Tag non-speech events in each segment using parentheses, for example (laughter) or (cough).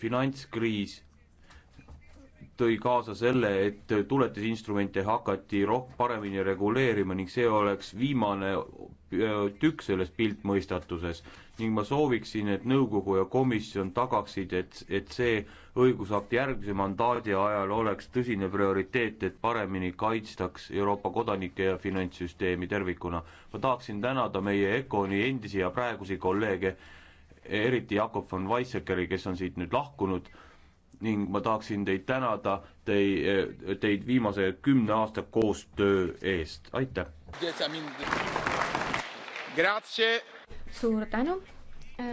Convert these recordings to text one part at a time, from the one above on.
finantskriis tõi kaasa selle, et tuletisinstrumente hakati roh-, paremini reguleerima ning see oleks viimane äh, tükk selles piltmõistatuses. ning ma sooviksin, et nõukogu ja komisjon tagaksid, et, et see õigusakt järgmise mandaadi ajal oleks tõsine prioriteet, et paremini kaitstaks Euroopa kodanikke ja finantssüsteemi tervikuna. ma tahaksin tänada meie ECONi endisi ja praegusi kolleege, eriti Jakob von Weizsäckeri, kes on siit nüüd lahkunud, ning ma tahaksin teid tänada tei-, teid viimase kümne aasta koostöö eest, aitäh! suur tänu,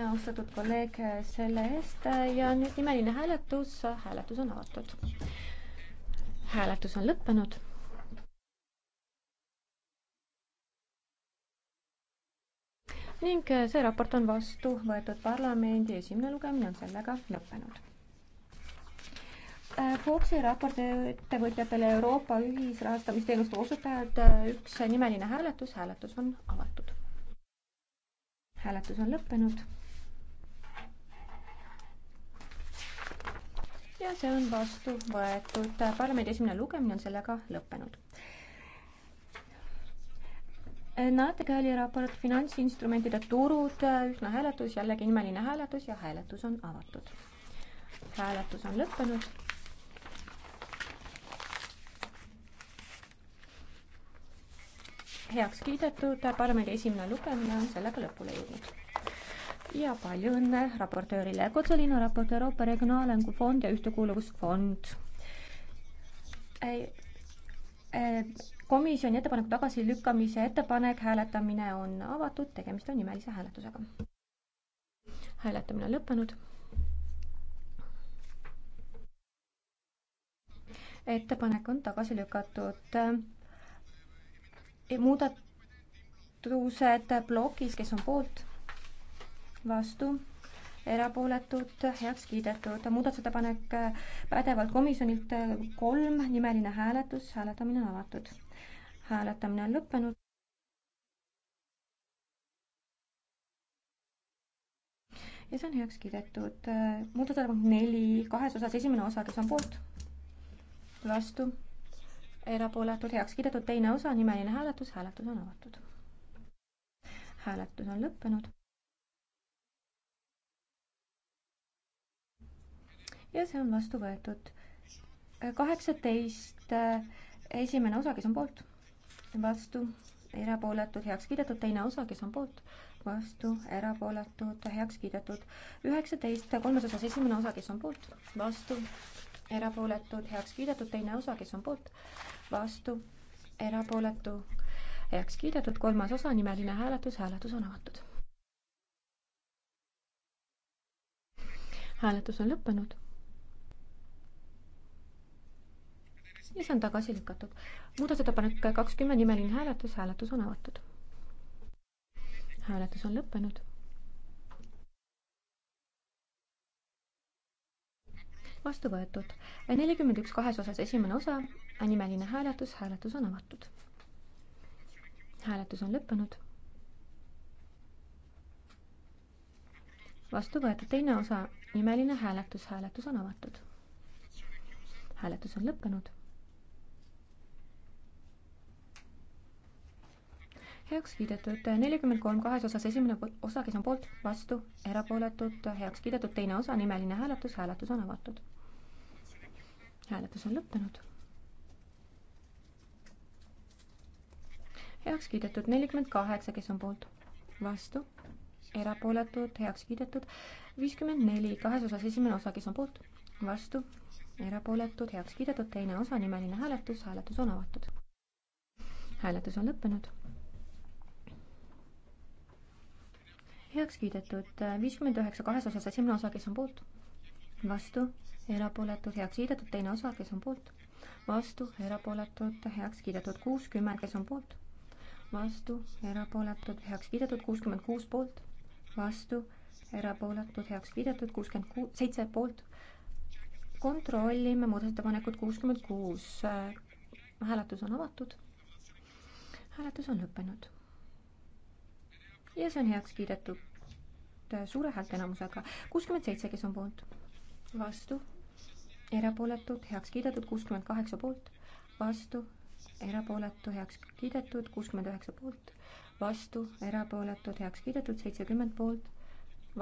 austatud kolleeg, selle eest ja nüüd nimeline hääletus, hääletus on avatud. hääletus on lõppenud ning äh, see raport on vastu võetud parlamendi esimene lugemine on sellega lõppenud. Äh, Foxi raport ettevõtjatele Euroopa ühisrahastamisteenuste osutajad, äh, üks nimeline hääletus, hääletus on avatud. hääletus on lõppenud. ja see on vastu võetud, parlamendi esimene lugemine on sellega lõppenud Natekääli raport finantsinstrumentide turud, üsna hääletus, jällegi nimeline hääletus ja hääletus on avatud. hääletus on lõppenud. heaks kiidetud, parlamendi esimene lugemine on sellega lõpule jõudnud. ja palju õnne raportöörile, Kotsalino raport Euroopa Regionaalengu Fond ja Ühtekuuluvusfond. Äh, komisjoni ettepaneku tagasilükkamise ettepanek, hääletamine on avatud, tegemist on nimelise hääletusega. hääletamine on lõppenud. ettepanek on tagasi lükatud. E, muudatused plokis, kes on poolt, vastu erapooletud, heaks kiidetud. muudatusettepanek pädevalt komisjonilt kolm, nimeline hääletus, hääletamine on avatud hääletamine on lõppenud. ja see on heaks kiidetud. muudatusettepanek neli, kahes osas, esimene osa, kes on poolt? vastu? erapooletud, heaks kiidetud, teine osa, nimeline hääletus, hääletus on avatud. hääletus on lõppenud. ja see on vastu võetud. kaheksateist, esimene osa, kes on poolt? vastu, erapooletud, heaks kiidetud, teine osa, kes on poolt, vastu, erapooletud, heaks kiidetud. üheksateist, kolmes osas esimene osa, kes on poolt, vastu, erapooletud, heaks kiidetud, teine osa, kes on poolt, vastu, erapooletu, heaks kiidetud, kolmas osa, nimeline hääletus, hääletus on avatud. hääletus on lõppenud ja see on tagasi lükatud. muudatusettepanek kakskümmend, nimeline hääletus, hääletus on avatud. hääletus on lõppenud. vastu võetud. nelikümmend üks kahes osas esimene osa, nimeline hääletus, hääletus on avatud. hääletus on lõppenud. vastu võetud teine osa, nimeline hääletus, hääletus on avatud. hääletus on lõppenud heaks kiidetud nelikümmend kolm kahes osas esimene osa, kes on poolt, vastu, erapooletud, heaks kiidetud, teine osa, nimeline hääletus, hääletus on avatud. hääletus on lõppenud. heaks kiidetud nelikümmend kaheksa, kes on poolt, vastu, erapooletud, heaks kiidetud, viiskümmend neli, kahes osas esimene osa, kes on poolt, vastu, erapooletud, heaks kiidetud, teine osa, nimeline hääletus, hääletus on avatud. hääletus on lõppenud. heaks kiidetud viiskümmend üheksa kahes osas, esimene osa, kes on poolt, vastu, erapooletud, heaks kiidetud, teine osa, kes on poolt, vastu, erapooletud, heaks kiidetud, kuuskümmend, kes on poolt, vastu, erapooletud, heaks kiidetud, kuuskümmend kuus poolt, vastu, erapooletud, heaks kiidetud, kuuskümmend ku-, seitse poolt. kontrollime muudatusettepanekut kuuskümmend kuus. hääletus on avatud. hääletus on lõppenud ja see on heaks kiidetud poolt suure häälteenamusega. kuuskümmend seitse, kes on poolt, vastu, erapooletud, heaks kiidetud, kuuskümmend kaheksa poolt, vastu, erapooletu, heaks kiidetud, kuuskümmend üheksa poolt, vastu, erapooletud, heaks kiidetud, seitsekümmend poolt,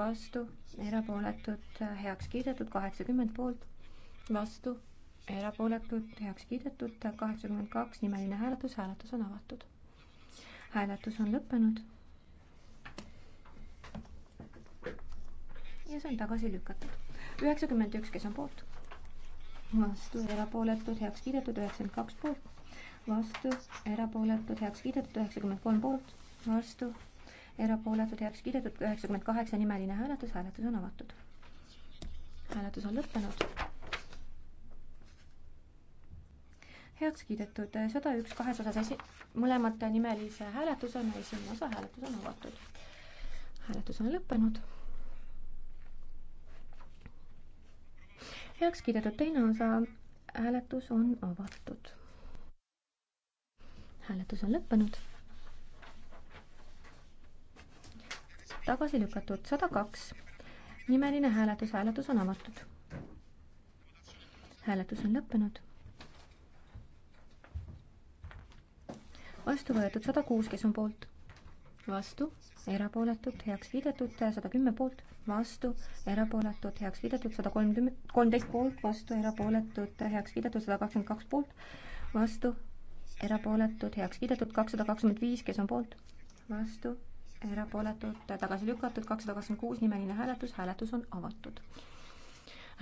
vastu, erapooletud, heaks kiidetud, kaheksakümmend poolt, vastu, erapooletud, heaks kiidetud, kaheksakümmend kaks, nimeline hääletus, hääletus on avatud. hääletus on lõppenud ja see on tagasi lükatud. üheksakümmend üks, kes on poolt, vastu, erapooletud, heaks kiidetud, üheksakümmend kaks poolt, vastu, erapooletud, heaks kiidetud, üheksakümmend kolm poolt, vastu, erapooletud, heaks kiidetud, üheksakümmend kaheksa nimeline hääletus, hääletus on avatud. hääletus on lõppenud. heaks kiidetud sada üks kahes osas esi-, mõlemad nimelise hääletusena, esimene osa hääletus on avatud. hääletus on lõppenud heaks kiidetud teine osa, hääletus on avatud. hääletus on lõppenud. tagasi lükatud sada kaks. nimeline hääletus, hääletus on avatud. hääletus on lõppenud. vastu võetud sada kuus, kes on poolt? vastu erapooletud, heaks kiidetud, sada kümme poolt, vastu, erapooletud, heaks kiidetud, sada kolmkümmend, kolmteist poolt, vastu, erapooletud, heaks kiidetud, sada kakskümmend kaks poolt, vastu, erapooletud, heaks kiidetud, kakssada kakskümmend viis, kes on poolt, vastu, erapooletud, tagasi lükatud, kakssada kakskümmend kuus, nimeline hääletus, hääletus on avatud.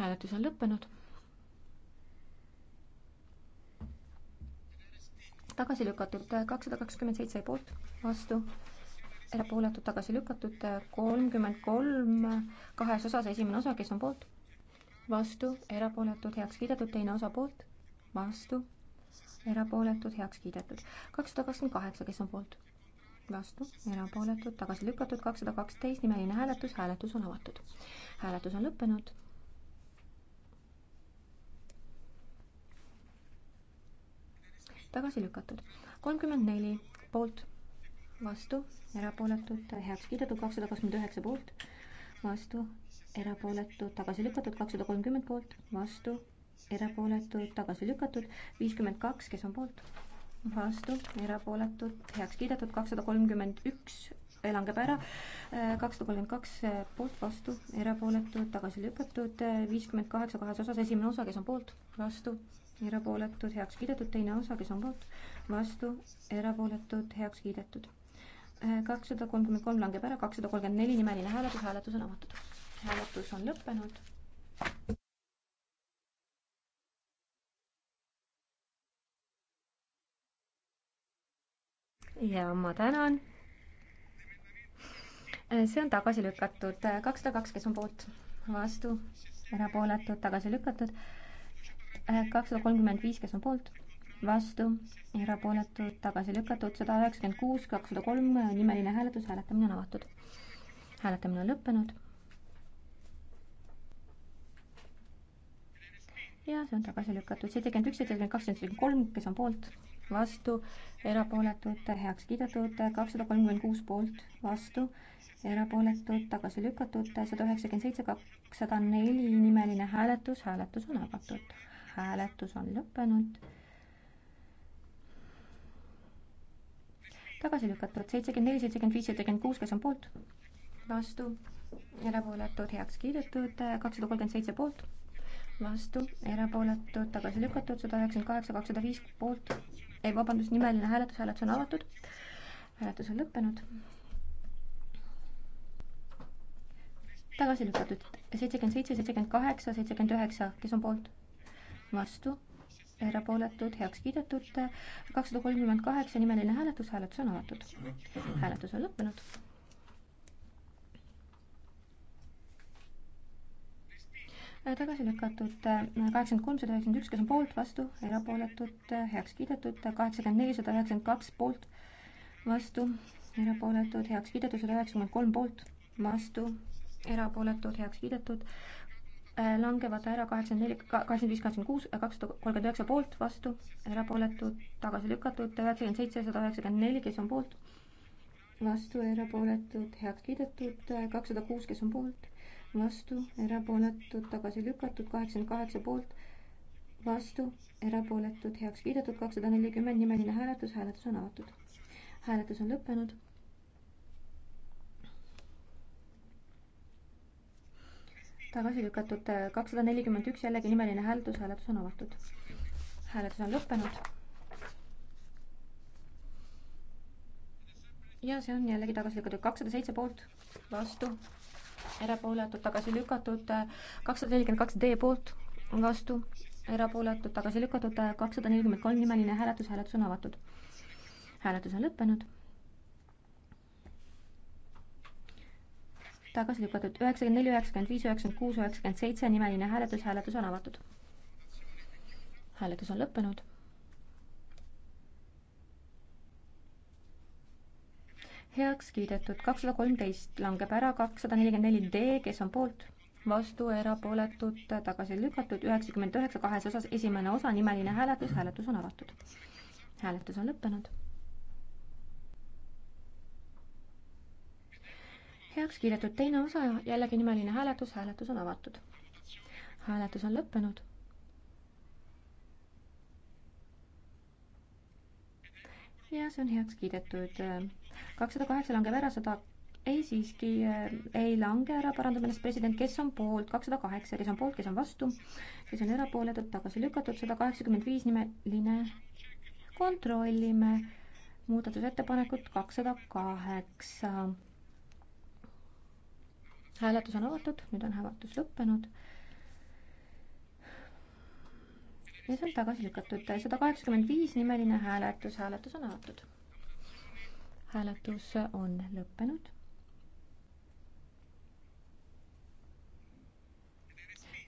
hääletus on lõppenud tagasi lükatud kakssada kakskümmend seitse poolt, vastu erapooletud, tagasi lükatud, kolmkümmend kolm kahes osas, esimene osa, kes on poolt, vastu, erapooletud, heaks kiidetud, teine osa poolt, vastu, erapooletud, heaks kiidetud. kakssada kakskümmend kaheksa, kes on poolt, vastu, erapooletud, tagasi lükatud, kakssada kaksteist, nimeline hääletus, hääletus on avatud. hääletus on lõppenud tagasi lükatud. kolmkümmend neli poolt, vastu, erapooletud, heaks kiidetud, kakssada kakskümmend üheksa poolt, vastu, erapooletud, tagasi lükatud, kakssada kolmkümmend poolt, vastu, erapooletud, tagasi lükatud, viiskümmend kaks, kes on poolt, vastu, erapooletud, heaks kiidetud, kakssada kolmkümmend üks, eh, langeb ära, eh, kakssada kolmkümmend kaks eh, poolt, vastu, erapooletud, tagasi lükatud, viiskümmend kaheksa kahes osas, esimene osa, kes on poolt, vastu, erapooletud, heaks kiidetud, teine osa, kes on poolt, vastu, erapooletud, heaks kiidetud kakssada kolmkümmend kolm langeb ära, kakssada kolmkümmend neli nimeline hääletus, hääletus on avatud. hääletus on lõppenud. ja ma tänan. see on tagasi lükatud, kakssada kaks, kes on poolt, vastu, erapooletud, tagasi lükatud. kakssada kolmkümmend viis, kes on poolt vastu, erapooletud, tagasi lükatud, sada üheksakümmend kuus, kakssada kolm, nimeline hääletus, hääletamine on avatud. hääletamine on lõppenud. ja see on tagasi lükatud, seitsekümmend üks, seitsekümmend kaks, seitsekümmend kolm, kes on poolt, vastu, erapooletud, heaks kiidetud, kakssada kolmkümmend kuus poolt, vastu, erapooletud, tagasi lükatud, sada üheksakümmend seitse, kakssada neli, nimeline hääletus, hääletus on avatud. hääletus on lõppenud tagasi lükatud, seitsekümmend neli, seitsekümmend viis, seitsekümmend kuus, kes on poolt, vastu, erapooletud, heaks kiidetud, kakssada kolmkümmend seitse poolt, vastu, erapooletud, tagasi lükatud, sada üheksakümmend kaheksa, kakssada viis poolt, ei vabandust, nimeline hääletus, hääletus on avatud, hääletus on lõppenud. tagasi lükatud, seitsekümmend seitse, seitsekümmend kaheksa, seitsekümmend üheksa, kes on poolt, vastu erapooletud, heaks kiidetud, kakssada kolmkümmend kaheksa nimeline hääletus, hääletus on avatud. hääletus on lõppenud. tagasi lükatud kaheksakümmend kolm, sada üheksakümmend üks, kes on poolt, vastu, erapooletud, heaks kiidetud, kaheksakümmend neli, sada üheksakümmend kaks poolt, vastu, erapooletud, heaks kiidetud, sada üheksakümmend kolm poolt, vastu, erapooletud, heaks kiidetud, Äh, langevad ära kaheksakümmend neli, kaheksakümmend viis, kaheksakümmend kuus, äh, kakssada kolmkümmend üheksa poolt, vastu, erapooletud, tagasi lükatud, üheksakümmend seitse, sada üheksakümmend neli, kes on poolt, vastu, erapooletud, heaks kiidetud, äh, kakssada kuus, kes on poolt, vastu, erapooletud, tagasi lükatud, kaheksakümmend kaheksa poolt, vastu, erapooletud, heaks kiidetud, kakssada nelikümmend, nimeline hääletus, hääletus on avatud. hääletus on lõppenud tagasi lükatud äh, kakssada nelikümmend üks, jällegi nimeline hääletus, hääletus on avatud. hääletus on lõppenud. ja see on jällegi tagasi lükatud kakssada seitse poolt, vastu, erapooletud, tagasi lükatud kakssada nelikümmend kaks D poolt, vastu, erapooletud, tagasi lükatud kakssada nelikümmend kolm nimeline hääletus, hääletus on avatud. hääletus on lõppenud tagasi lükatud üheksakümmend neli, üheksakümmend viis, üheksakümmend kuus, üheksakümmend seitse, nimeline hääletus, hääletus on avatud. hääletus on lõppenud. heaks kiidetud, kakssada kolmteist langeb ära, kakssada nelikümmend neli D, kes on poolt, vastu, erapooletud, tagasi lükatud, üheksakümmend üheksa kahes osas, esimene osa, nimeline hääletus, hääletus on avatud. hääletus on lõppenud heaks kiidetud teine osa, jällegi nimeline hääletus, hääletus on avatud. hääletus on lõppenud. ja see on heaks kiidetud. kakssada kaheksa langeb ära, sada ei siiski ei lange ära, parandab ennast president, kes on poolt, kakssada kaheksa, kes on poolt, kes on vastu, kes on erapooletud, tagasi lükatud, sada kaheksakümmend viis nimeline. kontrollime muudatusettepanekut kakssada kaheksa hääletus on avatud, nüüd on hääletus lõppenud. ja see on tagasi lükatud, sada kaheksakümmend viis nimeline hääletus, hääletus on avatud. hääletus on lõppenud.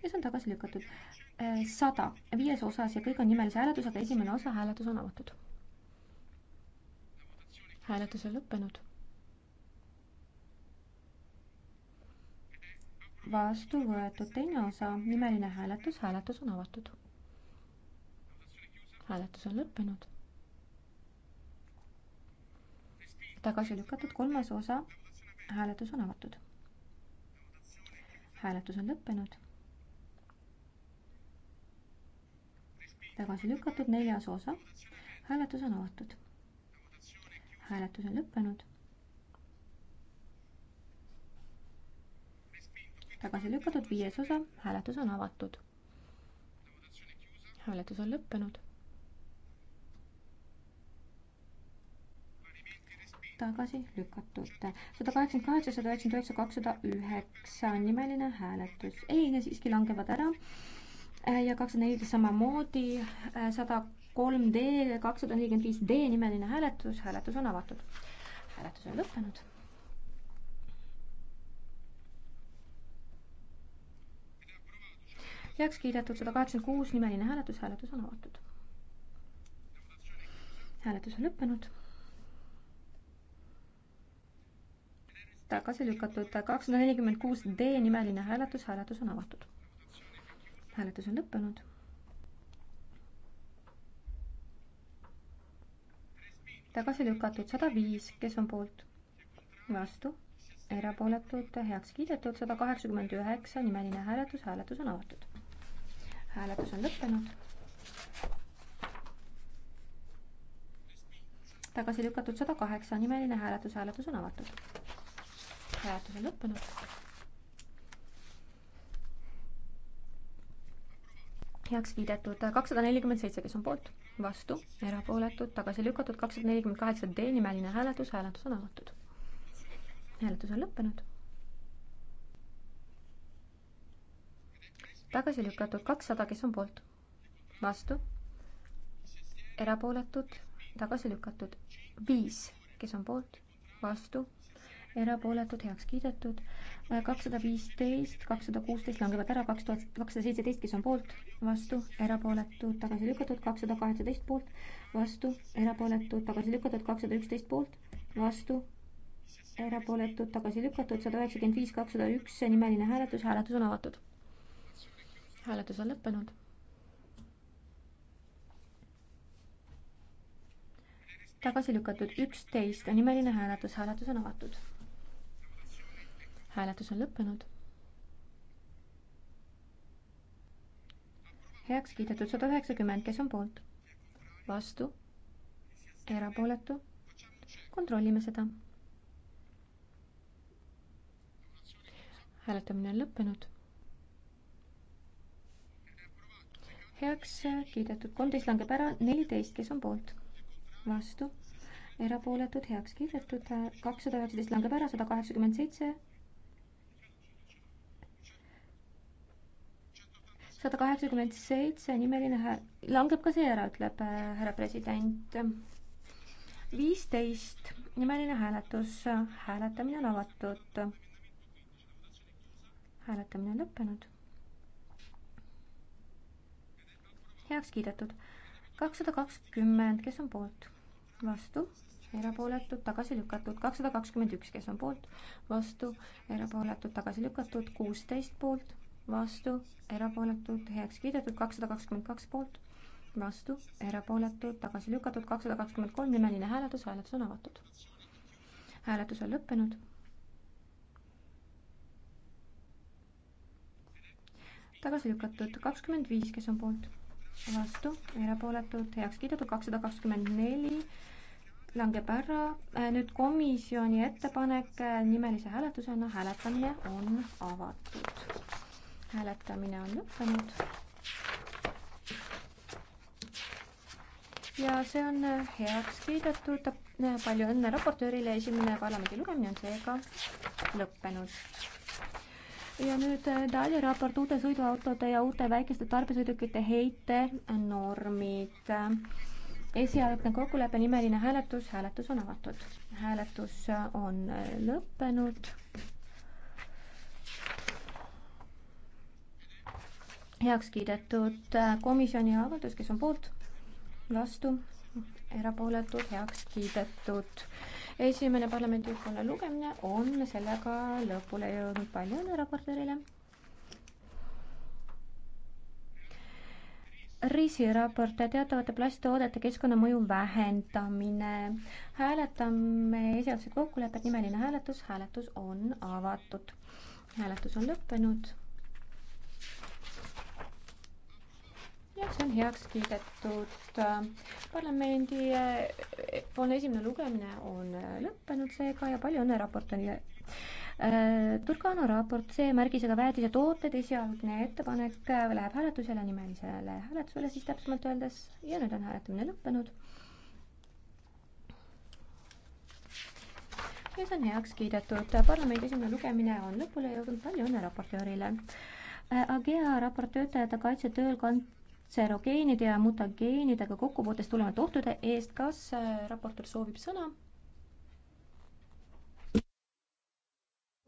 ja see on tagasi lükatud. Eh, sada, viies osas ja kõik on nimelise hääletusega, esimene osa, hääletus on avatud. hääletus on lõppenud vastu võetud teine osa, nimeline hääletus, hääletus on avatud. hääletus on lõppenud. tagasi lükatud kolmas osa, hääletus on avatud. hääletus on lõppenud. tagasi lükatud neljas osa, hääletus on avatud. hääletus on lõppenud tagasi lükatud, viies osa, hääletus on avatud. hääletus on lõppenud. tagasi lükatud. sada kaheksakümmend kaheksa, sada üheksakümmend üheksa, kakssada üheksa nimeline hääletus. ei, need siiski langevad ära. ja kakssada neliteist samamoodi, sada kolm D, kakssada nelikümmend viis D nimeline hääletus, hääletus on avatud. hääletus on lõppenud heaks kiidetud sada kaheksakümmend kuus, nimeline hääletus, hääletus on avatud. hääletus on lõppenud. tagasi lükatud kakssada nelikümmend kuus D nimeline hääletus, hääletus on avatud. hääletus on lõppenud tagasi lükatud sada viis, kes on poolt? vastu, erapooletud, heaks kiidetud sada kaheksakümmend üheksa, nimeline hääletus, hääletus on avatud hääletus on lõppenud. tagasi lükatud sada kaheksa, nimeline hääletus, hääletus on avatud. hääletus on lõppenud. heaks kiidetud kakssada nelikümmend seitse, kes on poolt, vastu, erapooletud, tagasi lükatud kakssada nelikümmend kaheksa D nimeline hääletus, hääletus on avatud. hääletus on lõppenud tagasi lükatud kakssada, kes on poolt, vastu, erapooletud, tagasi lükatud viis, kes on poolt, vastu, erapooletud, heaks kiidetud, kakssada viisteist, kakssada kuusteist langevad ära, kaks tuhat kakssada seitseteist, kes on poolt, vastu, erapooletud, tagasi lükatud, kakssada kaheksateist poolt, vastu, erapooletud, tagasi lükatud, kakssada üksteist poolt, vastu, erapooletud, tagasi lükatud, sada üheksakümmend viis, kakssada üks, nimeline hääletus, hääletus on avatud hääletus on lõppenud. tagasi lükatud üksteist, nimeline hääletus, hääletus on avatud. hääletus on lõppenud. heaks kiidetud sada üheksakümmend, kes on poolt? vastu? erapooletu? kontrollime seda hääletamine on lõppenud. heaks kiidetud, kolmteist langeb ära, neliteist, kes on poolt, vastu, erapooletud, heaks kiidetud, kakssada üheksateist langeb ära, sada kaheksakümmend seitse, sada kaheksakümmend seitse nimeline hääl, langeb ka see ära, ütleb äh, härra president. viisteist nimeline hääletus, hääletamine on avatud. hääletamine on lõppenud heaks kiidetud. kakssada kakskümmend, kes on poolt? vastu, erapooletud, tagasi lükatud. kakssada kakskümmend üks, kes on poolt? vastu, erapooletud, tagasi lükatud. kuusteist poolt, vastu, erapooletud, heaks kiidetud. kakssada kakskümmend kaks poolt, vastu, erapooletud, tagasi lükatud. kakssada kakskümmend kolm, nimeline hääletus, hääletus on avatud. hääletus on lõppenud tagasi lükatud, kakskümmend viis, kes on poolt, vastu, erapooletud, heaks kiidetud, kakssada kakskümmend neli langeb ära. Äh, nüüd komisjoni ettepanek äh, nimelise hääletusena, hääletamine on avatud. hääletamine on lõppenud. ja see on äh, heaks kiidetud. palju õnne raportöörile, esimene parlamendi lugemine on seega lõppenud ja nüüd eh, Dali raport uute sõiduautode ja uute väikeste tarbesõidukite heitenormid. esialgne kokkulepe, nimeline hääletus, hääletus on avatud. hääletus eh, on eh, lõppenud. heaks kiidetud komisjoni avaldus, kes on poolt, vastu, erapooletud, heaks kiidetud esimene parlamendi juhtkonna lugemine on sellega lõpule jõudnud. palju õnne raportöörile. riisiraport, teatavate plasttoodete keskkonnamõju vähendamine. hääletame esialgset kokkulepet, nimeline hääletus, hääletus on avatud. hääletus on lõppenud ja see on heaks kiidetud. parlamendi poolne eh, esimene lugemine on eh, lõppenud seega ja palju õnne raportöörile. Eh, Turkana raport C-märgisega väetise tooted, esialgne ettepanek läheb hääletusele, nimelisele hääletusele siis täpsemalt öeldes ja nüüd on hääletamine lõppenud. ja see on heaks kiidetud. parlamendi esimene lugemine on lõpule jõudnud, palju õnne raportöörile. AGEA raport töötajate kaitse tööl kand-, tserogeenide ja mutageenidega kokkupuutest tulenevate ohtude eest. kas äh, raportöör soovib sõna?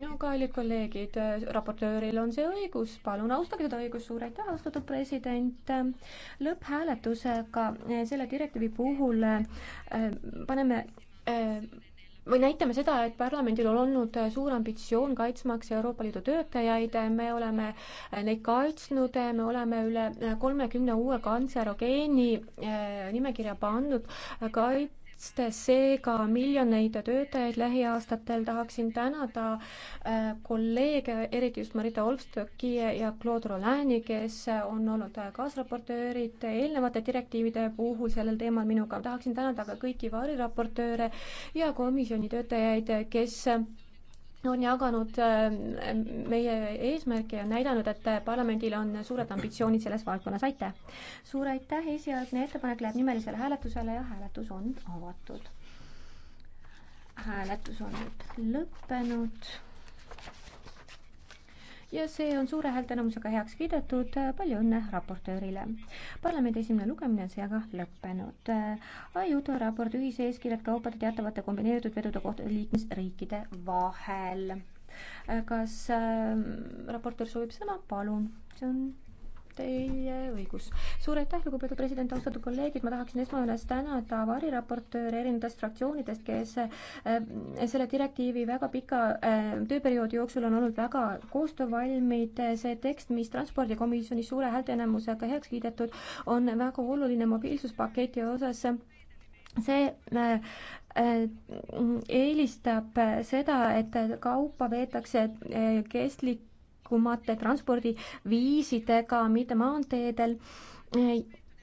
no kallid kolleegid, äh, raportööril on see õigus, palun austage seda õigust, suur aitäh, austatud president. lõpphääletusega äh, selle direktiivi puhul paneme või näitame seda, et parlamendil on olnud äh, suur ambitsioon kaitsmaks Euroopa Liidu töötajaid, äh, me oleme äh, neid kaitsnud, me oleme üle kolmekümne uue kantserogeeni nimekirja pannud, kaib-, kaitsta seega miljoneid töötajaid lähiaastatel. tahaksin tänada äh, kolleege, eriti just Marita Olmstocki ja Claude Rolani, kes on olnud kaasraportöörid eelnevate direktiivide puhul sellel teemal minuga. tahaksin tänada ka kõiki variraportööre ja komisjoni töötajaid, kes on jaganud äh, meie eesmärke ja näidanud, et parlamendil on suured ambitsioonid selles valdkonnas, aitäh! suur aitäh, esialgne ettepanek läheb nimelisele hääletusele ja hääletus on avatud. hääletus on nüüd lõppenud ja see on suure häälteenamusega heaks kiidetud. palju õnne raportöörile. parlamendi esimene lugemine on seega lõppenud. Ajuto raport ühise eeskirjad kaupade teatavate kombineeritud vedude kohta liikmesriikide vahel. kas äh, raportöör soovib sõna? palun, see on teie õigus. suur aitäh, lugupeetud president, austatud kolleegid, ma tahaksin esmajoones tänada variraportööre erinevatest fraktsioonidest, kes äh, selle direktiivi väga pika äh, tööperioodi jooksul on olnud väga koostöövalmid. see tekst, mis transpordikomisjonis suure häälteenamusega heaks kiidetud, on väga oluline mobiilsuspaketi osas see äh, eelistab seda, et kaupa veetakse kestlik, liikumate transpordiviisidega, mitte maanteedel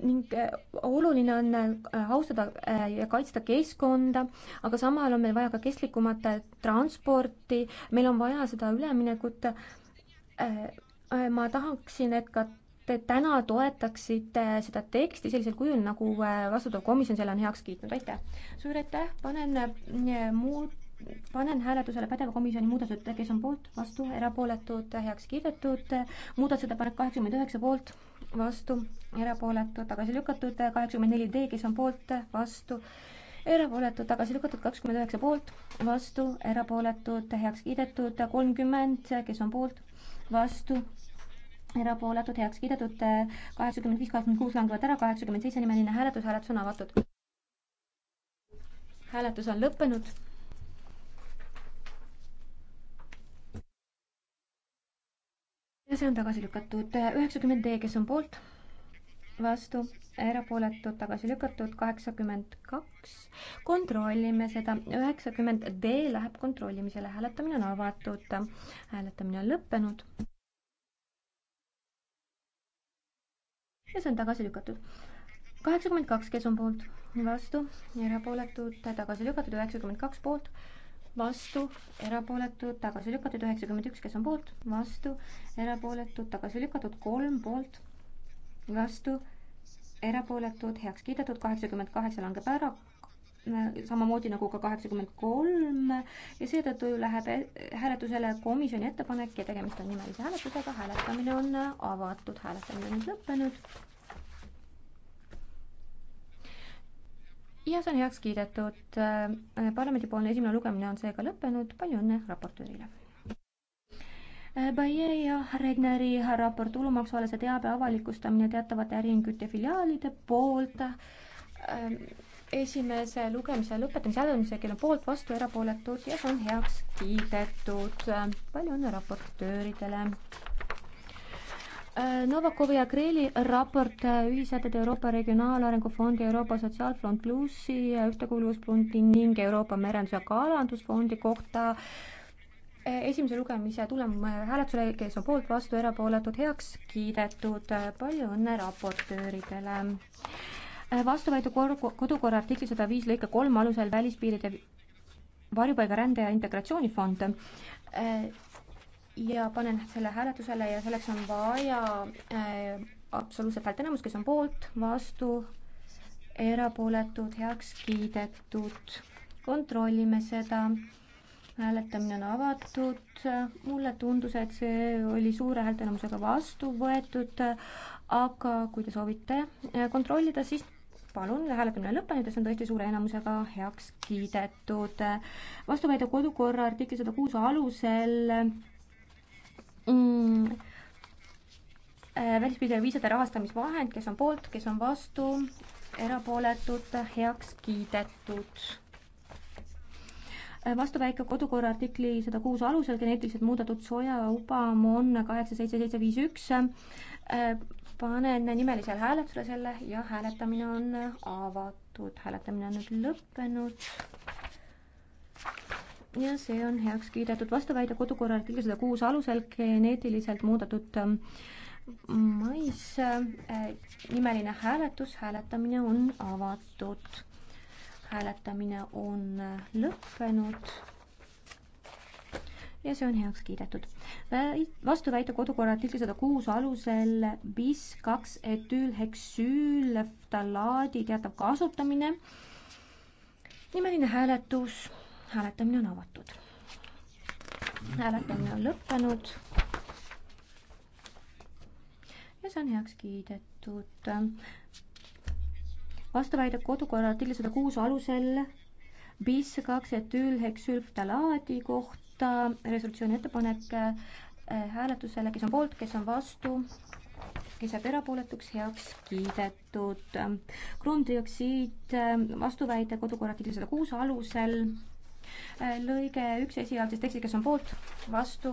ning äh, oluline on äh, austada äh, ja kaitsta keskkonda, aga samal on meil vaja ka kestlikumat transporti, meil on vaja seda üleminekut. ma tahaksin, et ka te täna toetaksite seda teksti sellisel kujul, nagu vastutav komisjon selle on heaks kiitnud, aitäh. suur aitäh, panen muud panen hääletusele pädeva komisjoni muudatused, kes on poolt, vastu, erapooletud, heaks kiidetud. muudatusettepanek kaheksakümmend üheksa poolt, vastu, erapooletud, tagasi lükatud. kaheksakümmend neli D, kes on poolt, vastu, erapooletud, tagasi lükatud. kakskümmend üheksa poolt, vastu, erapooletud, heaks kiidetud. kolmkümmend, kes on poolt, vastu, erapooletud, heaks kiidetud. kaheksakümmend viis, kaheksakümmend kuus langevad ära. kaheksakümmend seitse nimeline hääletus, hääletus on avatud. hääletus on lõppenud ja see on tagasi lükatud üheksakümmend D, kes on poolt, vastu, erapooletud, tagasi lükatud kaheksakümmend kaks. kontrollime seda, üheksakümmend D läheb kontrollimisele, hääletamine on avatud, hääletamine on lõppenud. ja see on tagasi lükatud kaheksakümmend kaks, kes on poolt, vastu, erapooletud, tagasi lükatud, üheksakümmend kaks poolt vastu, erapooletud, tagasi lükatud, üheksakümmend üks, kes on poolt, vastu, erapooletud, tagasi lükatud, kolm poolt, vastu, erapooletud, heaks kiidetud, kaheksakümmend kaheksa langeb ära, samamoodi nagu ka kaheksakümmend kolm ja seetõttu läheb e-, hääletusele komisjoni ettepanek ja tegemist on nimelise hääletusega, hääletamine on avatud, hääletamine on lõppenud ja see on heaks kiidetud. Äh, parlamendipoolne esimene lugemine on seega lõppenud, palju õnne raportöörile. Äh, Baie ja Regneri raport tulumaksualase teabe avalikustamine teatavate äriühingute filiaalide poolt. Äh, esimese lugemise lõpetamise hääletamise kell on poolt, vastu, erapooletud ja see on heaks kiidetud. palju õnne raportööridele. Äh, Novakovi ja Kreeli raport äh, ühissätete Euroopa Regionaalarengu Fondi, Euroopa Sotsiaalfond Plussi, Ühtekuuluvusfondi ning Euroopa Merendus- ja Kalandusfondi kohta. Äh, esimese lugemise tulema hääletusele, kes on poolt, vastu, erapooletud, heaks kiidetud. palju õnne raportööridele. vastu võetud kodukorra artikli sada viis lõike kolm alusel välispiiride varjupaigarände ja integratsioonifond ja panen selle hääletusele ja selleks on vaja äh, absoluutset häälteenamust, kes on poolt, vastu, erapooletud, heaks kiidetud. kontrollime seda. hääletamine on avatud. mulle tundus, et see oli suure häälteenamusega vastu võetud, aga kui te soovite kontrollida, siis palun, hääletamine on lõppenud ja see on tõesti suure enamusega heaks kiidetud. vastuväide kodukorra artikli sada kuus alusel mm, äh, välispiiriline viisade rahastamisvahend, kes on poolt, kes on vastu, erapooletud, heaks kiidetud. Äh, vastuväike kodukorra artikli sada kuus alusel geneetiliselt muudetud sojauba MON kaheksa, seitse, seitse, viis, üks. Äh, panen nimelisele hääletusele selle ja hääletamine on avatud, hääletamine on nüüd lõppenud ja see on heaks kiidetud vastuväide kodukorra artikli sada kuus alusel geneetiliselt muudetud ähm, mais äh, nimeline hääletus, hääletamine on avatud. hääletamine on äh, lõppenud ja see on heaks kiidetud. vastuväite kodukorra artikli sada kuus alusel bis kaks etüülheksüülftalaadi teatav kasutamine. nimeline hääletus hääletamine on avatud. hääletamine on lõppenud. ja see on heaks kiidetud. vastuväide kodukorra artikli sada kuus alusel BIS kaks etüülheksülftalaadi kohta resolutsiooni ettepanek eh, hääletusele, kes on poolt, kes on vastu, kes jääb erapooletuks, heaks kiidetud. kroomdioksiid eh, vastuväide kodukorra artikli sada kuus alusel Äh, lõige üks esialgses tekstis, kes on poolt, vastu,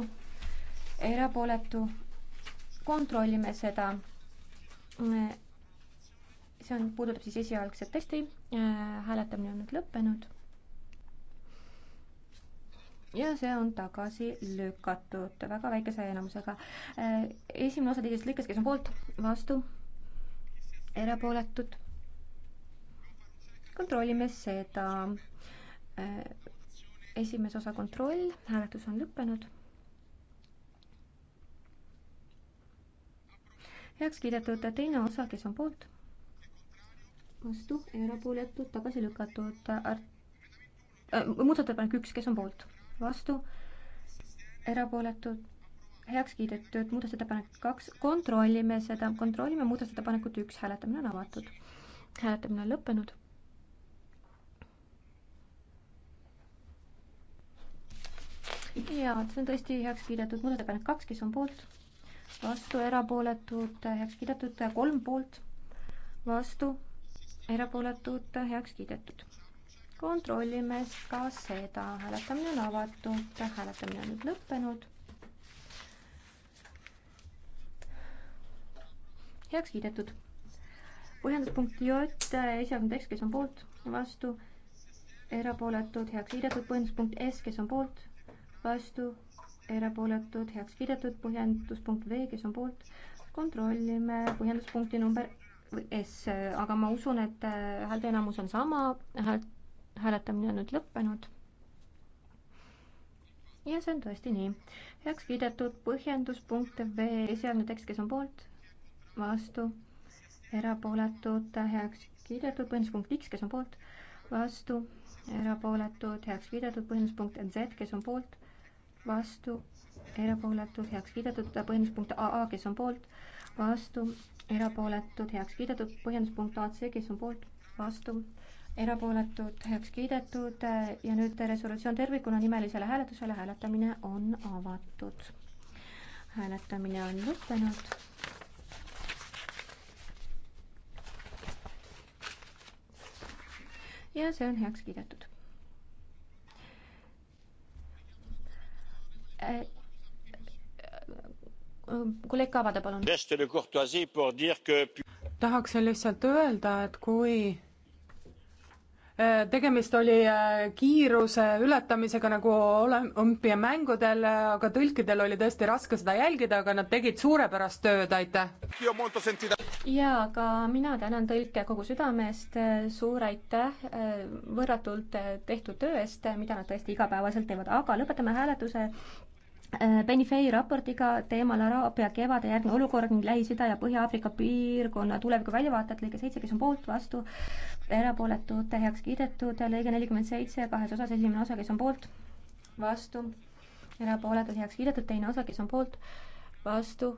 erapooletu, kontrollime seda. Äh, see on, puudutab siis esialgset teksti, äh, hääletamine on nüüd lõppenud ja see on tagasi lükatud väga väikese enamusega. esimene osa teisest lõikest, kes on poolt, vastu, erapooletud. kontrollime seda esimees osa kontroll, hääletus on lõppenud. heaks kiidetud teine osa, kes on poolt? vastu, erapooletud, tagasi lükatud art- äh,, muudatusettepanek üks, kes on poolt? vastu, erapooletud, heaks kiidetud, muudatusettepanek kaks, kontrollime seda, kontrollime muudatusettepanekut üks, hääletamine on avatud. hääletamine on lõppenud ja see on tõesti heaks kiidetud muudatusettepanek kaks, kes on poolt, vastu, erapooletud, heaks kiidetud, kolm poolt, vastu, erapooletud, heaks kiidetud. kontrollime ka seda, hääletamine on avatud, hääletamine on nüüd lõppenud. heaks kiidetud. põhjenduspunkt J, esialgne tekst, kes on poolt, vastu, erapooletud, heaks kiidetud, põhjenduspunkt S, kes on poolt vastu, erapooletud, heaks kiidetud, põhjenduspunkt V, kes on poolt, kontrollime põhjenduspunkti number S, aga ma usun, et äh, häälte enamus on sama, häält, hääletamine on nüüd lõppenud. ja see on tõesti nii. heaks kiidetud põhjenduspunkt V, esialgne tekst, kes on poolt, vastu, erapooletud, heaks kiidetud, põhjenduspunkt X, kes on poolt, vastu, erapooletud, heaks kiidetud, põhjenduspunkt Z, kes on poolt, vastu, erapooletud, heaks kiidetud, põhjenduspunkt AA, kes on poolt, vastu, erapooletud, heaks kiidetud, põhjenduspunkt AC, kes on poolt, vastu, erapooletud, heaks kiidetud ja nüüd resolutsioon tervikuna nimelisele hääletusele, hääletamine on avatud. hääletamine on lõppenud. ja see on heaks kiidetud. Äh, kolleeg Kavada, palun. tahaksin lihtsalt öelda, et kui äh, tegemist oli äh, kiiruse ületamisega nagu olümpiamängudel, aga tõlkidel oli tõesti raske seda jälgida, aga nad tegid suurepärast tööd, aitäh! jaa, aga mina tänan tõlke kogu südamest, suur aitäh võrratult tehtud töö eest, mida nad tõesti igapäevaselt teevad, aga lõpetame hääletuse Äh, Benifei raportiga teemal Araabia kevade järgne olukord ning Lähis-Ida ja Põhja-Aafrika piirkonna tuleviku väljavaated, lõige seitse, kes on poolt, vastu, erapooletud, heaks kiidetud, lõige nelikümmend seitse, kahes osas, esimene osa, kes on poolt, vastu, erapooletud, heaks kiidetud, teine osa, kes on poolt, vastu,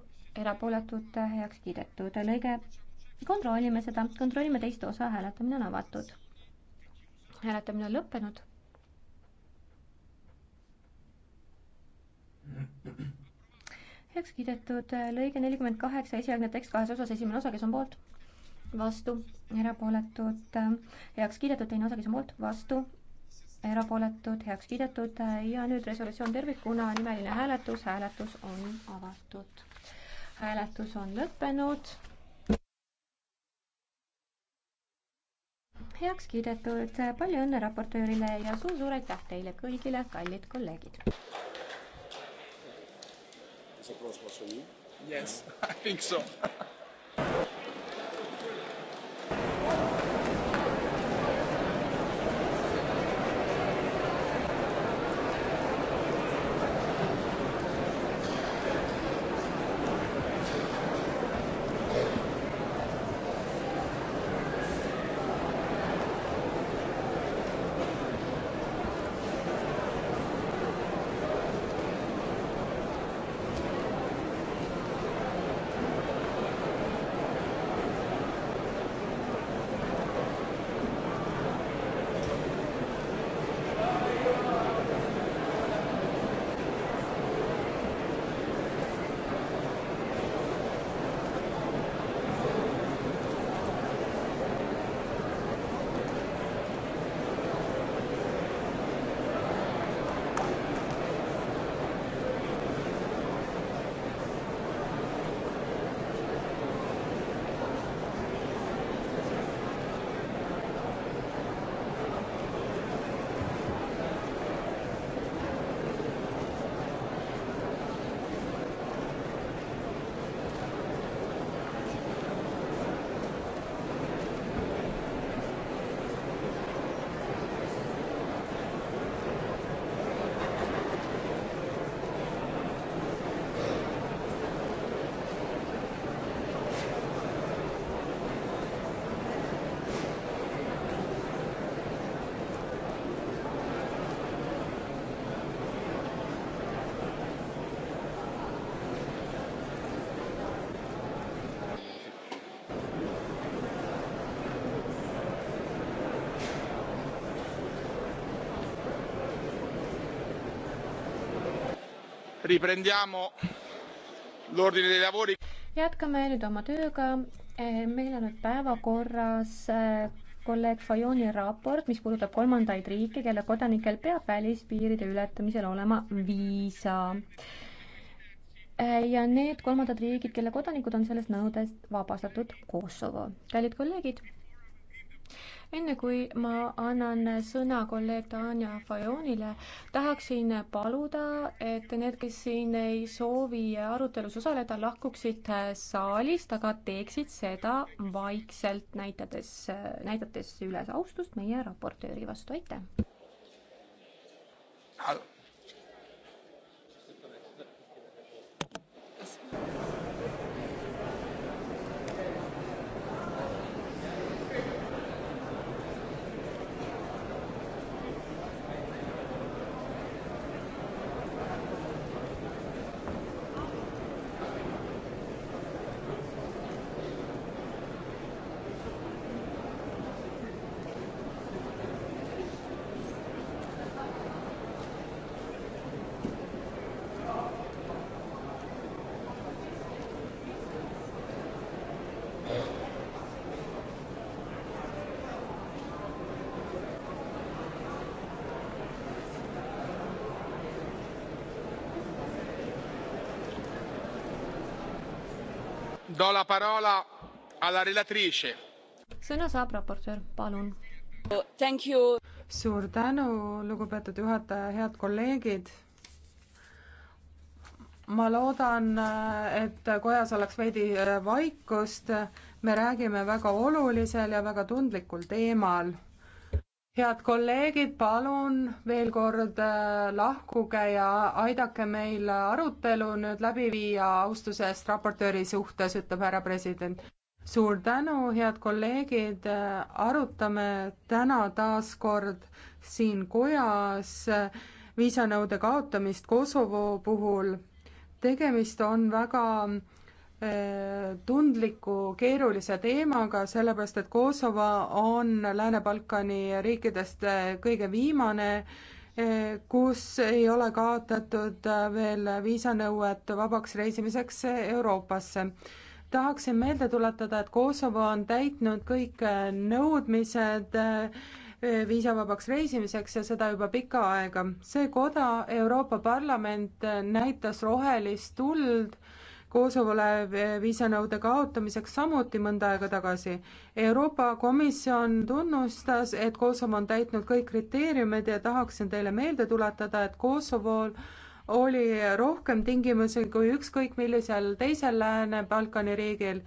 erapooletud, heaks kiidetud, lõige, kontrollime seda, kontrollime teist osa, hääletamine on avatud. hääletamine on lõppenud heaks kiidetud lõige nelikümmend kaheksa, esialgne tekst kahes osas, esimene osa, kes on poolt, vastu, erapooletud, heaks kiidetud, teine osa, kes on poolt, vastu, erapooletud, heaks kiidetud ja nüüd resolutsioon tervikuna, nimeline hääletus, hääletus on avatud. hääletus on lõppenud. heaks kiidetud, palju õnne raportöörile ja suur-suur aitäh teile kõigile, kallid kolleegid! It's a close one for you. Yes, (laughs) I think so. (laughs) Riprendiamo l'ordine dei lavori. jätkame nüüd oma tööga. Eh, meil on nüüd päevakorras eh, kolleeg Fajoni raport, mis puudutab kolmandaid riike, kelle kodanikel peab välispiiride ületamisel olema viisa. Eh, ja need kolmandad riigid, kelle kodanikud on sellest nõudest vabastatud Kosovo. kallid kolleegid enne kui ma annan sõna kolleeg Tanja Fajonile, tahaksin paluda, et need, kes siin ei soovi arutelus osaleda, lahkuksid saalist, aga teeksid seda vaikselt, näitades, näidates üles austust meie raportööri vastu, aitäh! sõna saab raportöör, palun. suur tänu, lugupeetud juhataja, head kolleegid ma loodan, et kojas oleks veidi vaikust. me räägime väga olulisel ja väga tundlikul teemal head kolleegid, palun veel kord äh, lahkuge ja aidake meil arutelu nüüd läbi viia austusest raportööri suhtes, ütleb härra president. suur tänu, head kolleegid, äh, arutame täna taas kord siin kojas äh, viisanõude kaotamist Kosovo puhul. tegemist on väga Äh, tundliku keerulise teemaga, sellepärast et Kosovo on Lääne-Balkani riikidest äh, kõige viimane, äh, kus ei ole kaotatud veel viisanõuet vabaks reisimiseks Euroopasse. tahaksin meelde tuletada, et Kosovo on täitnud kõik nõudmised viisavabaks reisimiseks ja seda juba pikka aega. see koda, Euroopa Parlament, näitas rohelist tuld Kosovole viisanõude kaotamiseks samuti mõnda aega tagasi. Euroopa Komisjon tunnustas, et Kosovo on täitnud kõik kriteeriumid ja tahaksin teile meelde tuletada, et Kosovol oli rohkem tingimusi kui ükskõik millisel teisel Lääne-Balkani riigil.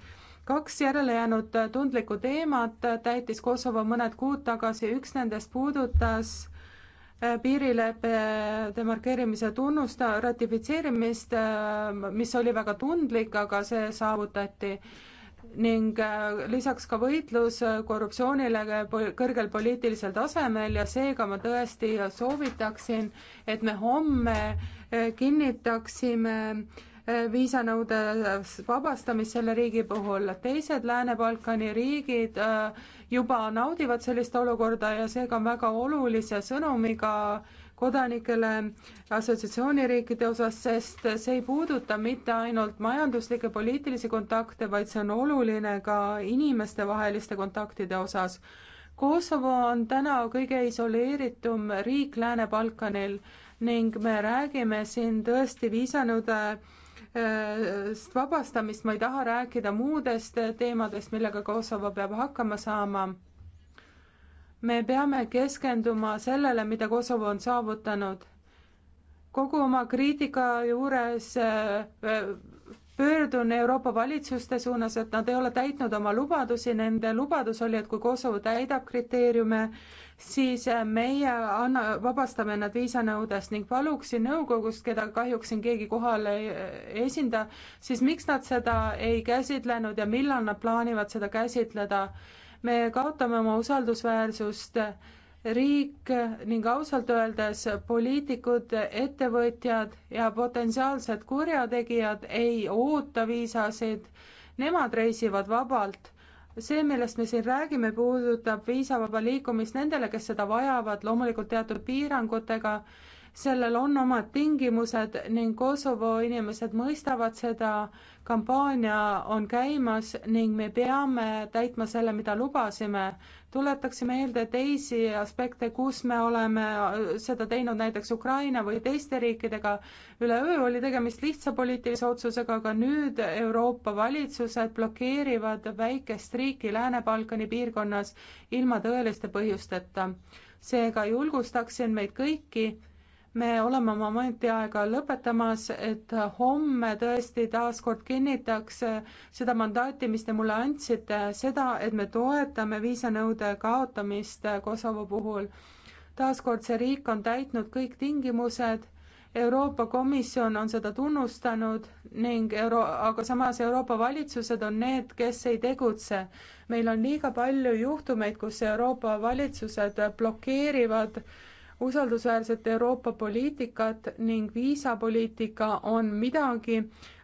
kaks järelejäänud tundlikku teemat täitis Kosovo mõned kuud tagasi, üks nendest puudutas Äh, piirileppe äh, demarkeerimise tunnusta, ratifitseerimist, äh, mis oli väga tundlik, aga see saavutati ning lisaks ka võitlus korruptsioonile kõrgel poliitilisel tasemel ja seega ma tõesti soovitaksin, et me homme kinnitaksime viisanõude vabastamist selle riigi puhul. teised Lääne-Balkani riigid äh, juba naudivad sellist olukorda ja seega on väga olulise sõnumiga kodanikele assotsiatsiooniriikide osas, sest see ei puuduta mitte ainult majanduslikke, poliitilisi kontakte, vaid see on oluline ka inimestevaheliste kontaktide osas. Kosovo on täna kõige isoleeritum riik Lääne-Balkanil ning me räägime siin tõesti viisanõude Äh, vabastamist, ma ei taha rääkida muudest äh, teemadest, millega Kosovo peab hakkama saama. me peame keskenduma sellele, mida Kosovo on saavutanud. kogu oma kriitika juures äh, pöördun Euroopa valitsuste suunas, et nad ei ole täitnud oma lubadusi, nende lubadus oli, et kui Kosovo täidab kriteeriume, siis äh, meie anna, vabastame nad viisanõudest ning paluksin nõukogust, keda kahjuks siin keegi kohal ei äh, esinda, siis miks nad seda ei käsitlenud ja millal nad plaanivad seda käsitleda. me kaotame oma usaldusväärsust äh, riik ning ausalt öeldes poliitikud, ettevõtjad ja potentsiaalsed kurjategijad ei oota viisasid, nemad reisivad vabalt see, millest me siin räägime, puudutab viisavaba liikumist nendele, kes seda vajavad, loomulikult teatud piirangutega sellel on omad tingimused ning Kosovo inimesed mõistavad seda, kampaania on käimas ning me peame täitma selle, mida lubasime. tuletaksin meelde teisi aspekte, kus me oleme äh, seda teinud näiteks Ukraina või teiste riikidega. üleöö oli tegemist lihtsa poliitilise otsusega, aga nüüd Euroopa valitsused blokeerivad väikest riiki Lääne-Balkani piirkonnas ilma tõeliste põhjusteta. seega julgustaksin meid kõiki me oleme oma ametiaega lõpetamas, et homme tõesti taaskord kinnitaks seda mandaati, mis te mulle andsite, seda, et me toetame viisanõude kaotamist Kosovo puhul. taaskord see riik on täitnud kõik tingimused, Euroopa Komisjon on seda tunnustanud ning euro, aga samas Euroopa valitsused on need, kes ei tegutse. meil on liiga palju juhtumeid, kus Euroopa valitsused blokeerivad äh, usaldusväärset Euroopa poliitikat ning viisapoliitika on midagi,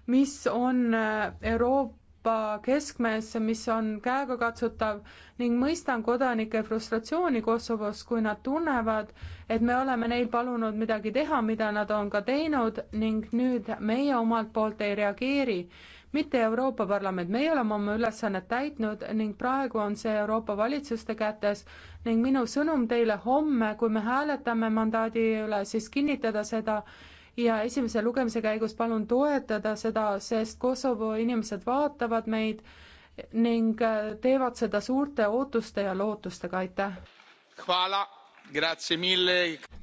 mis on äh, Euroopa keskmes, mis on käegakatsutav ning mõistan kodanike frustratsiooni Kosovos, kui nad tunnevad, et me oleme neil palunud midagi teha, mida nad on ka teinud ning nüüd meie omalt poolt ei reageeri mitte Euroopa Parlament. meie oleme oma ülesannet täitnud ning praegu on see Euroopa valitsuste kätes ning minu sõnum teile homme, kui me hääletame mandaadi üle, siis kinnitada seda ja esimese lugemise käigus palun toetada seda, sest Kosovo inimesed vaatavad meid ning teevad seda suurte ootuste ja lootustega, aitäh!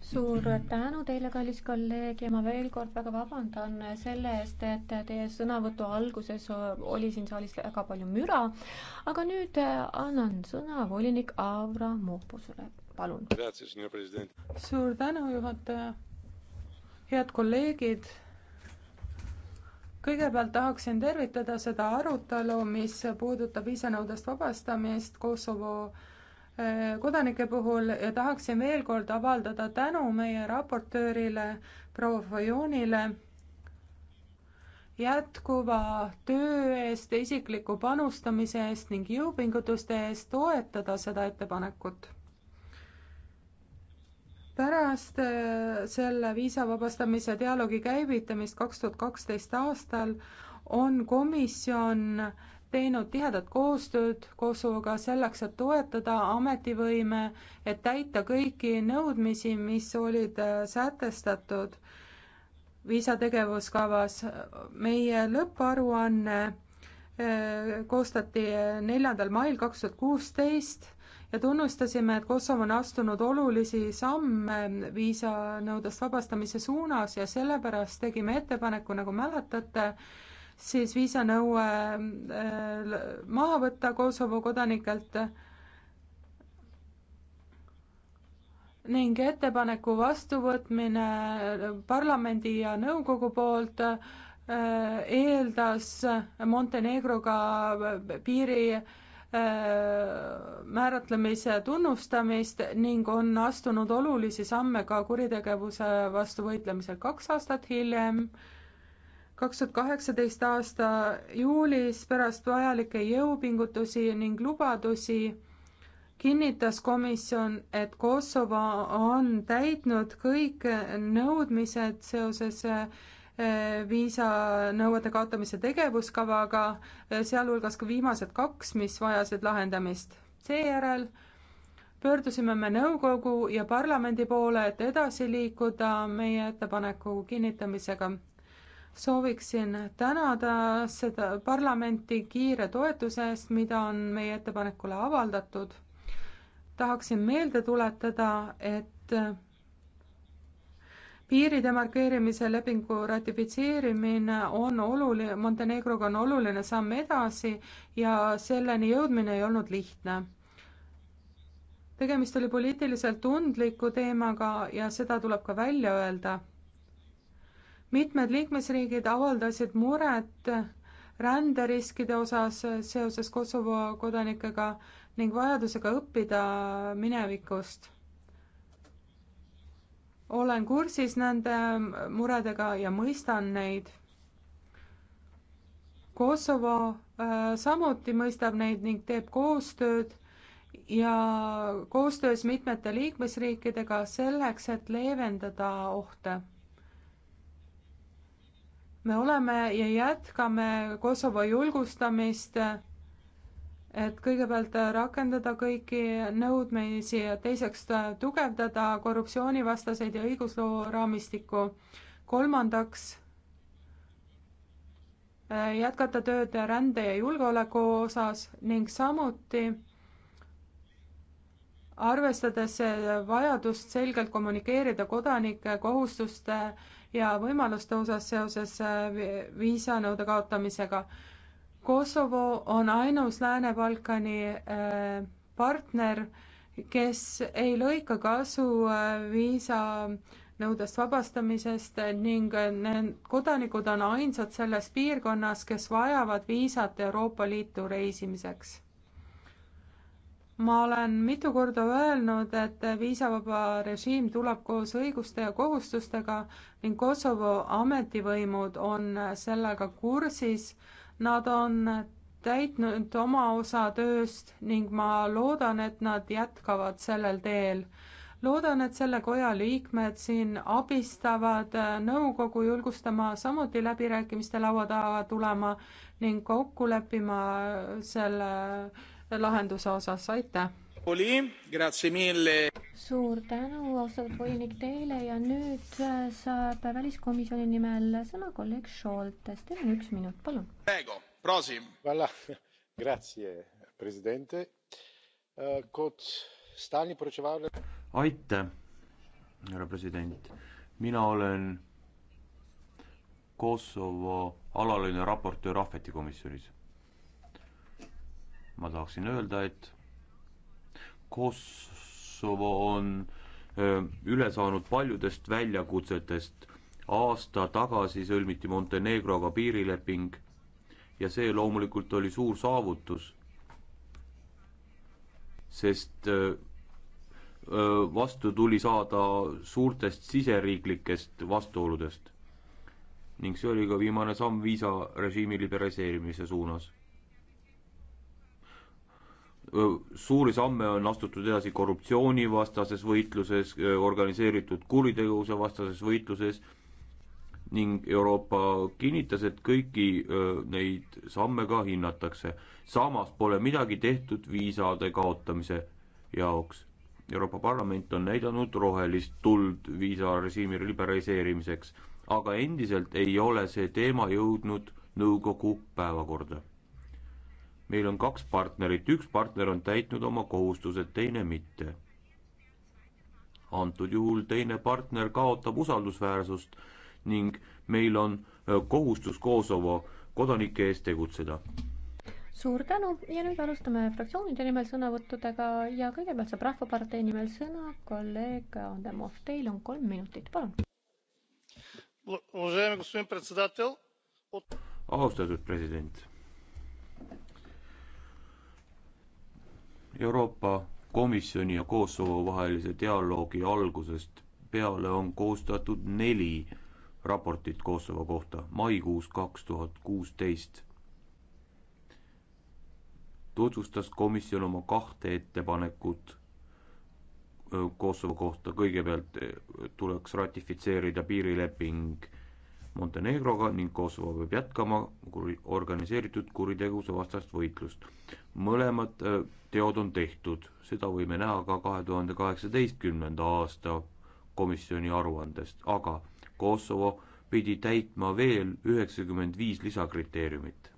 suur tänu teile, kallis kolleeg ja ma veel kord väga vabandan selle eest, et teie sõnavõtu alguses oli siin saalis väga palju müra. aga nüüd annan sõna volinik Avramopusele, palun. suur tänu, juhataja. head kolleegid kõigepealt tahaksin tervitada seda arutelu, mis puudutab viisanõudest vabastamist Kosovo äh, kodanike puhul ja tahaksin veel kord avaldada tänu meie raportöörile proua Fajonile jätkuva töö eest, isikliku panustamise eest ning jõupingutuste eest toetada seda ettepanekut. pärast äh, selle viisavabastamise dialoogi käivitamist kaks tuhat kaksteist aastal on komisjon teinud tihedat koostööd Kosovoga selleks, et toetada ametivõime, et täita kõiki nõudmisi, mis olid äh, sätestatud viisategevuskavas. meie lõpparuanne äh, koostati äh, neljandal mail kaks tuhat kuusteist ja tunnustasime, et Kosovo on astunud olulisi samme viisanõudest vabastamise suunas ja sellepärast tegime ettepaneku, nagu mäletate, siis viisanõue äh, maha võtta Kosovo kodanikelt ning ettepaneku vastuvõtmine parlamendi ja nõukogu poolt äh, eeldas Montenegroga piiri äh, määratlemise tunnustamist ning on astunud olulisi samme ka kuritegevuse vastu võitlemisel. kaks aastat hiljem äh, kaks tuhat kaheksateist aasta juulis pärast vajalikke jõupingutusi ning lubadusi kinnitas komisjon, et Kosovo on täitnud kõik nõudmised seoses eh, viisanõuete kaotamise tegevuskavaga, eh, sealhulgas ka viimased kaks, mis vajasid lahendamist. seejärel pöördusime me nõukogu ja parlamendi poole, et edasi liikuda meie ettepaneku kinnitamisega sooviksin tänada seda parlamenti kiire toetuse eest, mida on meie ettepanekule avaldatud. tahaksin meelde tuletada, et piiri demarkeerimise lepingu ratifitseerimine on oluline, Montenegroga on oluline samm edasi ja selleni jõudmine ei olnud lihtne. tegemist oli poliitiliselt tundliku teemaga ja seda tuleb ka välja öelda mitmed liikmesriigid avaldasid muret ränderiskide osas seoses Kosovo kodanikega ning vajadusega õppida minevikust. olen kursis nende muredega ja mõistan neid. Kosovo äh, samuti mõistab neid ning teeb koostööd ja koostöös mitmete liikmesriikidega selleks, et leevendada ohte me oleme ja jätkame Kosovo julgustamist, et kõigepealt rakendada kõiki nõudmisi ja teiseks tugevdada korruptsioonivastaseid ja õigusloo raamistikku. kolmandaks, jätkata tööd rände ja julgeoleku osas ning samuti arvestades vajadust selgelt kommunikeerida kodanike kohustuste ja võimaluste osas seoses äh, viisanõude kaotamisega. Kosovo on ainus Lääne-Balkani äh, partner, kes ei lõika kasu äh, viisanõudest vabastamisest ning need kodanikud on ainsad selles piirkonnas, kes vajavad viisat Euroopa Liitu reisimiseks ma olen mitu korda öelnud, et viisavaba režiim tuleb koos õiguste ja kohustustega ning Kosovo ametivõimud on sellega kursis. Nad on täitnud oma osa tööst ning ma loodan, et nad jätkavad sellel teel. loodan, et selle koja liikmed siin abistavad nõukogu julgustama samuti läbirääkimiste laua taha tulema ning kokku leppima selle lahenduse osas, aitäh! suur tänu, austatud volinik teile ja nüüd äh, saab väliskomisjoni nimel sõna kolleeg Scholtes, teil on üks minut, palun. (laughs) Äh, aitäh, härra president, mina olen Kosovo alaline raportöör Ahveti komisjonis ma tahaksin öelda, et Kosovo on öö, üle saanud paljudest väljakutsetest. aasta tagasi sõlmiti Montenegroga piirileping ja see loomulikult oli suur saavutus, sest öö, vastu tuli saada suurtest siseriiklikest vastuoludest. ning see oli ka viimane samm viisarežiimi liberaliseerimise suunas suuri samme on astutud edasi korruptsioonivastases võitluses, organiseeritud kuritegevuse vastases võitluses ning Euroopa kinnitas, et kõiki neid samme ka hinnatakse. samas pole midagi tehtud viisade kaotamise jaoks. Euroopa Parlament on näidanud rohelist tuld viisarežiimi liberaliseerimiseks, aga endiselt ei ole see teema jõudnud nõukogu päevakorda meil on kaks partnerit, üks partner on täitnud oma kohustused, teine mitte. antud juhul teine partner kaotab usaldusväärsust ning meil on äh, kohustus Kosovo kodanike eest tegutseda. suur tänu ja nüüd alustame fraktsioonide nimel sõnavõttudega ja kõigepealt saab Rahvapartei nimel sõna kolleeg Andemov, teil on kolm minutit, palun. austatud president Euroopa Komisjoni ja Kosovo vahelise dialoogi algusest peale on koostatud neli raportit Kosovo kohta maikuus kaks tuhat kuusteist. tutvustas komisjon oma kahte ettepanekut Kosovo kohta, kõigepealt tuleks ratifitseerida piirileping Montenegroga ning Kosovo peab jätkama kuri, organiseeritud kuritegevuse vastast võitlust. mõlemad äh, teod on tehtud, seda võime näha ka kahe tuhande kaheksateistkümnenda aasta komisjoni aruandest, aga Kosovo pidi täitma veel üheksakümmend viis lisakriteeriumit.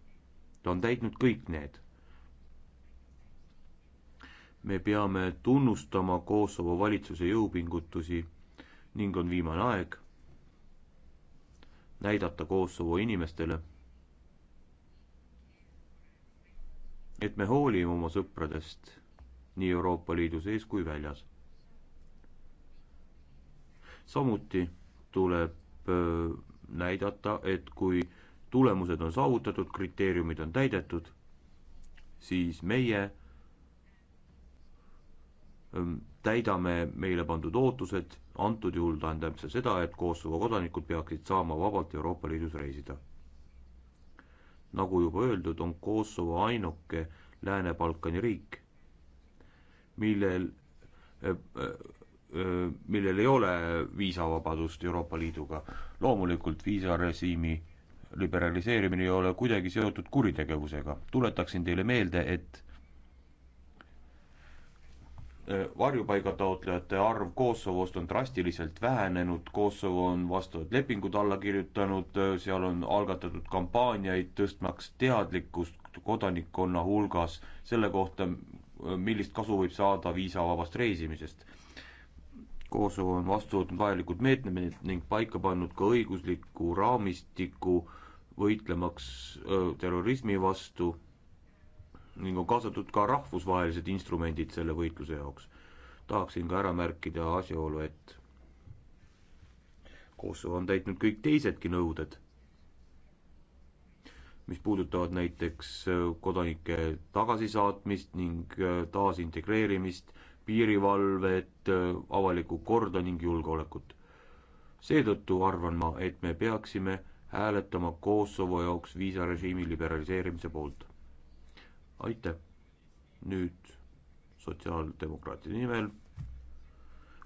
ta on täitnud kõik need. me peame tunnustama Kosovo valitsuse jõupingutusi ning on viimane aeg, näidata Kosovo inimestele, et me hoolime oma sõpradest nii Euroopa Liidu sees kui väljas. samuti tuleb näidata, et kui tulemused on saavutatud, kriteeriumid on täidetud, siis meie täidame meile pandud ootused, antud juhul tähendab see seda, et Kosovo kodanikud peaksid saama vabalt Euroopa Liidus reisida. nagu juba öeldud, on Kosovo ainuke Lääne-Balkani riik, millel, äh, äh, millel ei ole viisavabadust Euroopa Liiduga. loomulikult viisarežiimi liberaliseerimine ei ole kuidagi seotud kuritegevusega. tuletaksin teile meelde, et Äh, varjupaigataotlejate arv Kosovost on drastiliselt vähenenud, Kosovo on vastavad lepingud alla kirjutanud, äh, seal on algatatud kampaaniaid tõstmaks teadlikkust kodanikkonna hulgas selle kohta, äh, millist kasu võib saada viisavabast reisimisest. Kosovo on vastu võtnud vajalikud meetmed ning paika pannud ka õigusliku raamistiku võitlemaks terrorismi vastu ning on kaasatud ka rahvusvahelised instrumendid selle võitluse jaoks. tahaksin ka ära märkida asjaolu, et Kosovo on täitnud kõik teisedki nõuded, mis puudutavad näiteks äh, kodanike tagasisaatmist ning äh, taasintegreerimist, piirivalvet, äh, avalikku korda ning julgeolekut. seetõttu arvan ma, et me peaksime hääletama Kosovo jaoks viisarežiimi liberaliseerimise poolt aitäh. nüüd sotsiaaldemokraatide nimel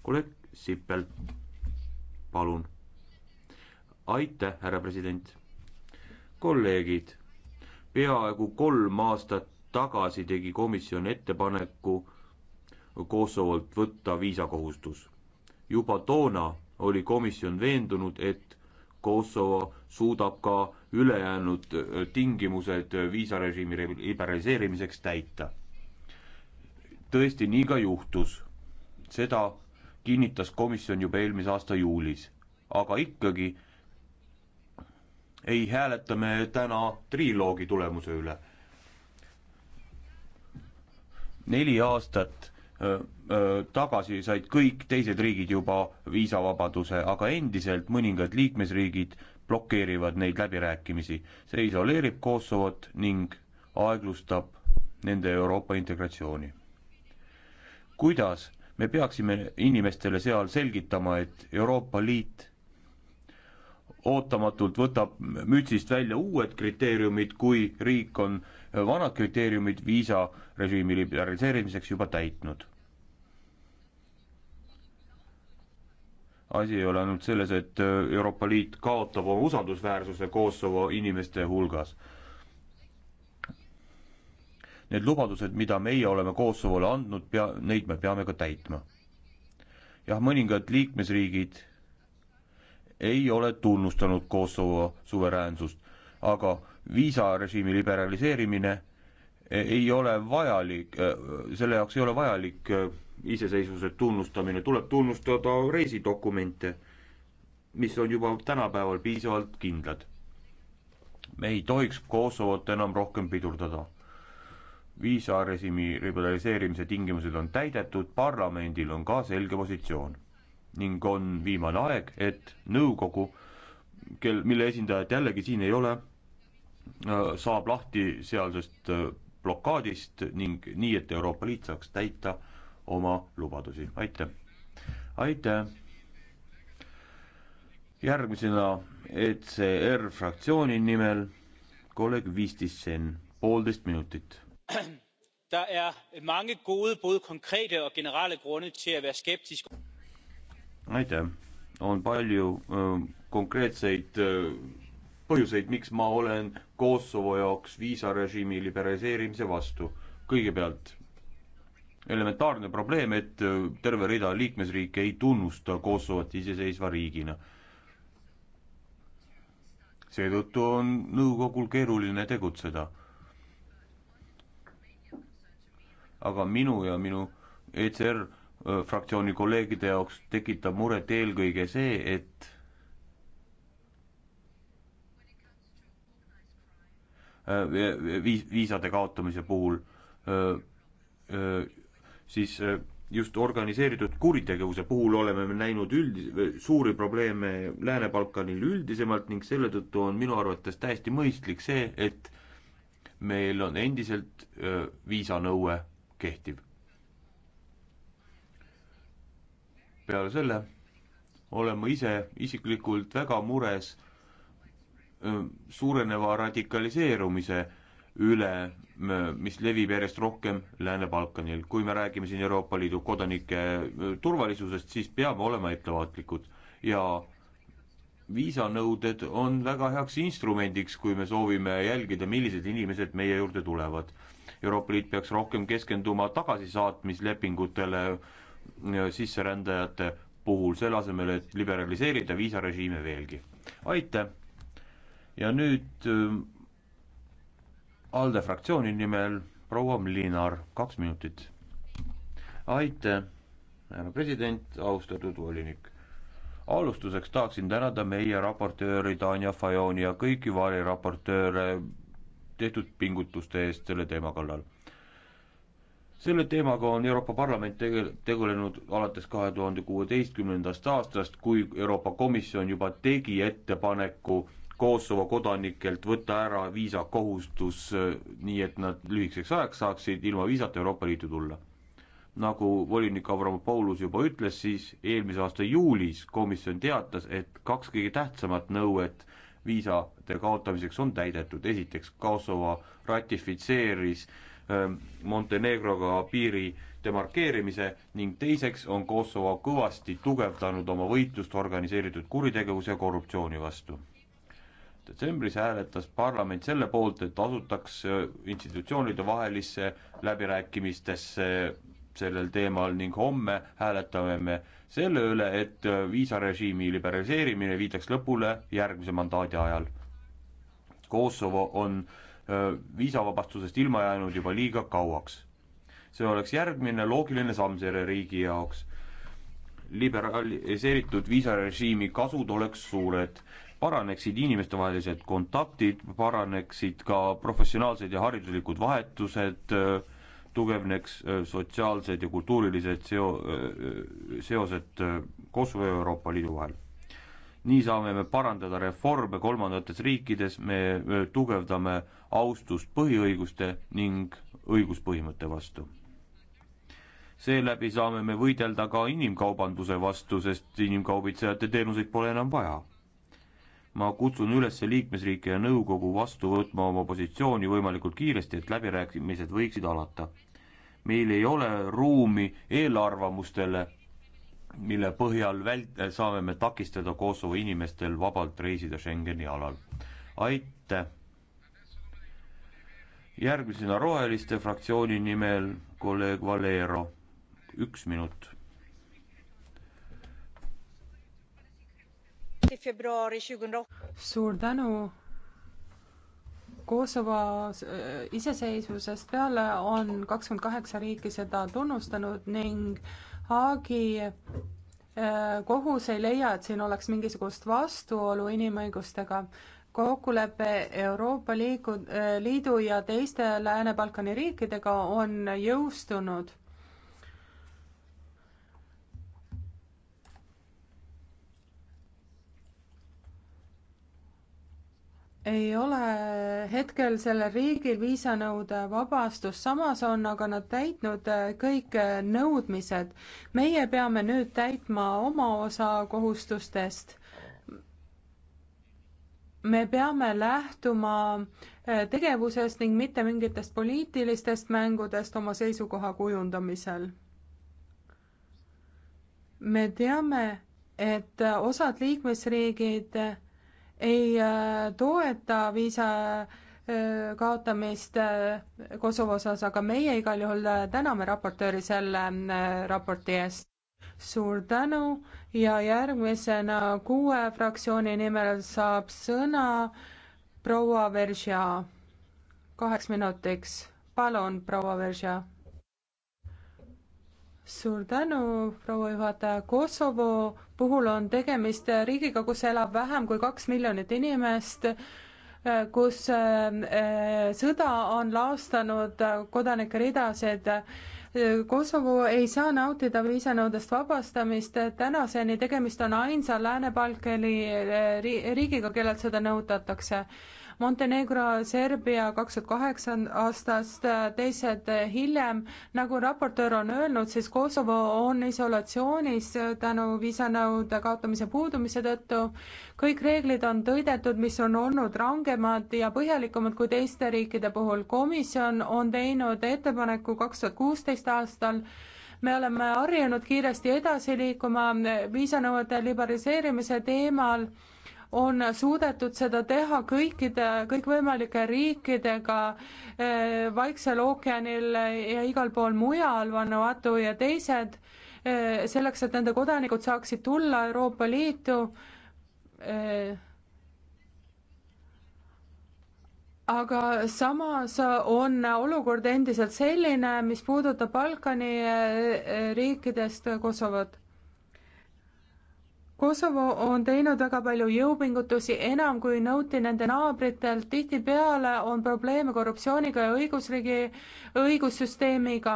kolleeg Sipel, palun. aitäh, härra president. kolleegid, peaaegu kolm aastat tagasi tegi komisjon ettepaneku Kosovolt võtta viisakohustus. juba toona oli komisjon veendunud, et Kosovo suudab ka ülejäänud tingimused viisarežiimi liberaliseerimiseks täita. tõesti, nii ka juhtus. seda kinnitas komisjon juba eelmise aasta juulis, aga ikkagi ei hääleta me täna triloogi tulemuse üle. neli aastat öö, öö, tagasi said kõik teised riigid juba viisavabaduse, aga endiselt mõningad liikmesriigid blokeerivad neid läbirääkimisi. see isoleerib Kosovot ning aeglustab nende Euroopa integratsiooni. kuidas me peaksime inimestele seal selgitama, et Euroopa Liit ootamatult võtab mütsist välja uued kriteeriumid, kui riik on vanad kriteeriumid viisarežiimi liberaliseerimiseks juba täitnud. asi ei ole ainult selles, et äh, Euroopa Liit kaotab oma usaldusväärsuse Kosovo inimeste hulgas. Need lubadused, mida meie oleme Kosovole andnud, pea, neid me peame ka täitma. jah, mõningad liikmesriigid ei ole tunnustanud Kosovo suveräänsust, aga viisarežiimi liberaliseerimine ei ole vajalik, äh, selle jaoks ei ole vajalik äh, iseseisvuse tunnustamine, tuleb tunnustada reisidokumente, mis on juba tänapäeval piisavalt kindlad. me ei tohiks Kosovot enam rohkem pidurdada. viisarežiimi liberaliseerimise tingimused on täidetud, parlamendil on ka selge positsioon ning on viimane aeg, et nõukogu, kel, mille esindajat jällegi siin ei ole, saab lahti sealsest äh, blokaadist ning nii, et Euroopa Liit saaks täita oma lubadusi, aitäh! aitäh! järgmisena ECR fraktsiooni nimel kolleeg Vistisen, poolteist minutit. (clears throat) Der er mange gode, både konkrete og generelle grunde til at være skeptisk. Aitäh! On palju öö, äh, konkreetseid öö, äh, põhjuseid, miks ma olen Kosovo jaoks viisarežiimi liberaliseerimise vastu. kõigepealt elementaarne probleem, et äh, terve rida liikmesriike ei tunnusta Kosovot iseseisva riigina. seetõttu on nõukogul keeruline tegutseda. aga minu ja minu ECR äh, fraktsiooni kolleegide jaoks tekitab muret eelkõige see, et äh, viis, viisade kaotamise puhul öö, öö, siis äh, just organiseeritud kuritegevuse puhul oleme me näinud üldis-, suuri probleeme Lääne-Balkanil üldisemalt ning selle tõttu on minu arvates täiesti mõistlik see, et meil on endiselt äh, viisanõue kehtiv. peale selle olen ma ise isiklikult väga mures äh, suureneva radikaliseerumise üle, mis levib järjest rohkem Lääne-Balkanil. kui me räägime siin Euroopa Liidu kodanike äh, turvalisusest, siis peame olema ettevaatlikud ja viisanõuded on väga heaks instrumendiks, kui me soovime jälgida, millised inimesed meie juurde tulevad. Euroopa Liit peaks rohkem keskenduma tagasisaatmislepingutele äh, sisserändajate puhul, selle asemel, et liberaliseerida viisarežiime veelgi. aitäh! ja nüüd äh, ALDE fraktsiooni nimel proua Mlinar, kaks minutit. aitäh, härra president, austatud volinik. alustuseks tahaksin tänada meie raportööri Tanja Fajoni ja kõiki variraportööre tehtud pingutuste eest selle teema kallal. selle teemaga on Euroopa Parlament tege-, tegelenud alates kahe tuhande kuueteistkümnendast aastast, kui Euroopa Komisjon juba tegi ettepaneku Kosovo kodanikelt võtta ära viisakohustus, äh, nii et nad lühikeseks ajaks saaksid ilma viisata Euroopa Liitu tulla. nagu volinik Avramopoulos juba ütles, siis eelmise aasta juulis komisjon teatas, et kaks kõige tähtsamat nõuet viisade kaotamiseks on täidetud, esiteks Kosovo ratifitseeris ähm, Montenegroga piiri demarkeerimise ning teiseks on Kosovo kõvasti tugevdanud oma võitlust organiseeritud kuritegevuse ja korruptsiooni vastu detsembris hääletas parlament selle poolt, et asutaks äh, institutsioonide vahelisse läbirääkimistesse sellel teemal ning homme hääletame me selle üle, et äh, viisarežiimi liberaliseerimine viidaks lõpule järgmise mandaadi ajal. Kosovo on äh, viisavabastusest ilma jäänud juba liiga kauaks. see oleks järgmine loogiline samm selle riigi jaoks liberaliseeritud viisarežiimi kasud oleks suured paraneksid inimestevahelised kontaktid, paraneksid ka professionaalsed ja hariduslikud vahetused, tugevneks äh, sotsiaalsed ja kultuurilised seo-, äh, seosed äh, Kosovo ja Euroopa Liidu vahel. nii saame me parandada reforme kolmandates riikides, me tugevdame austust põhiõiguste ning õiguspõhimõtte vastu. seeläbi saame me võidelda ka inimkaubanduse vastu, sest inimkaubitsejate teenuseid pole enam vaja ma kutsun üles liikmesriike ja nõukogu vastu võtma oma positsiooni võimalikult kiiresti, et läbirääkimised võiksid alata. meil ei ole ruumi eelarvamustele, mille põhjal vält-, saame me takistada Kosovo inimestel vabalt reisida Schengeni alal. aitäh! järgmisena Roheliste fraktsiooni nimel kolleeg Valero, üks minut februari 2008. suur tänu. Kosovo äh, iseseisvusest peale on kakskümmend kaheksa riiki seda tunnustanud ning Haagi äh, kohus ei leia, et siin oleks mingisugust vastuolu inimõigustega kokkulepe Euroopa Liigu, äh, Liidu ja teiste Lääne-Balkani riikidega on jõustunud. ei ole hetkel sellel riigil viisanõude vabastust, samas on aga nad täitnud äh, kõik äh, nõudmised. meie peame nüüd täitma oma osa kohustustest. me peame lähtuma äh, tegevusest ning mitte mingitest poliitilistest mängudest oma seisukoha kujundamisel. me teame, et osad liikmesriigid ei äh, toeta viisa äh, kaotamist äh, Kosovo osas, aga meie igal juhul täname raportööri selle raporti eest. suur tänu ja järgmisena kuue fraktsiooni nimel saab sõna proua Veržia. kaheks minutiks, palun, proua Veržia suur tänu, proua juhataja. Kosovo puhul on tegemist riigiga, kus elab vähem kui kaks miljonit inimest, kus eh, sõda on laastanud kodanike ridasid. Kosovo ei saa nautida viisanõudest vabastamist, tänaseni tegemist on ainsa Lääne-Balkani eh, riigiga, kellelt seda nõutatakse Montenegro, Serbia kaks tuhat kaheksa aastast, äh, teised äh, hiljem. nagu raportöör on öelnud, siis Kosovo on isolatsioonis äh, tänu viisanõude kaotamise puudumise tõttu. kõik reeglid on tõidetud, mis on olnud rangemad ja põhjalikumad kui teiste riikide puhul. komisjon on teinud ettepaneku kaks tuhat kuusteist aastal me oleme harjunud kiiresti edasi liikuma viisanõuete liberaliseerimise teemal on suudetud seda teha kõikide, kõikvõimalike riikidega eh, Vaiksel ookeanil ja igal pool mujal, Vanuatu ja teised, eh, selleks, et nende kodanikud saaksid tulla Euroopa Liitu eh, aga samas on olukord endiselt selline, mis puudutab Balkani riikidest Kosovot. Kosovo on teinud väga palju jõupingutusi, enam kui nõuti nende naabritelt, tihtipeale on probleeme korruptsiooniga ja õigusriigi, õigussüsteemiga.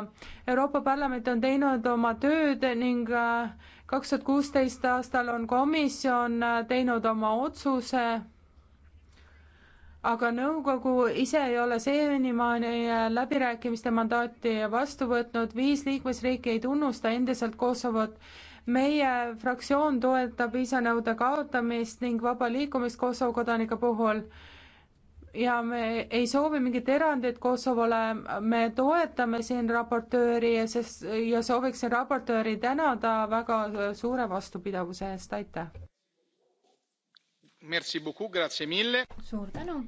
Euroopa Parlament on teinud oma tööd ning äh, kaks tuhat kuusteist aastal on komisjon äh, teinud oma otsuse, aga nõukogu ise ei ole senimaani äh, läbirääkimiste mandaati vastu võtnud, viis liikmesriiki ei tunnusta endiselt Kosovot meie fraktsioon toetab viisanõude kaotamist ning vaba liikumist Kosovo kodanike puhul ja me ei soovi mingit erandit Kosovole, me toetame siin raportööri ja sest ja sooviksin raportööri tänada väga suure vastupidavuse eest, aitäh. suur tänu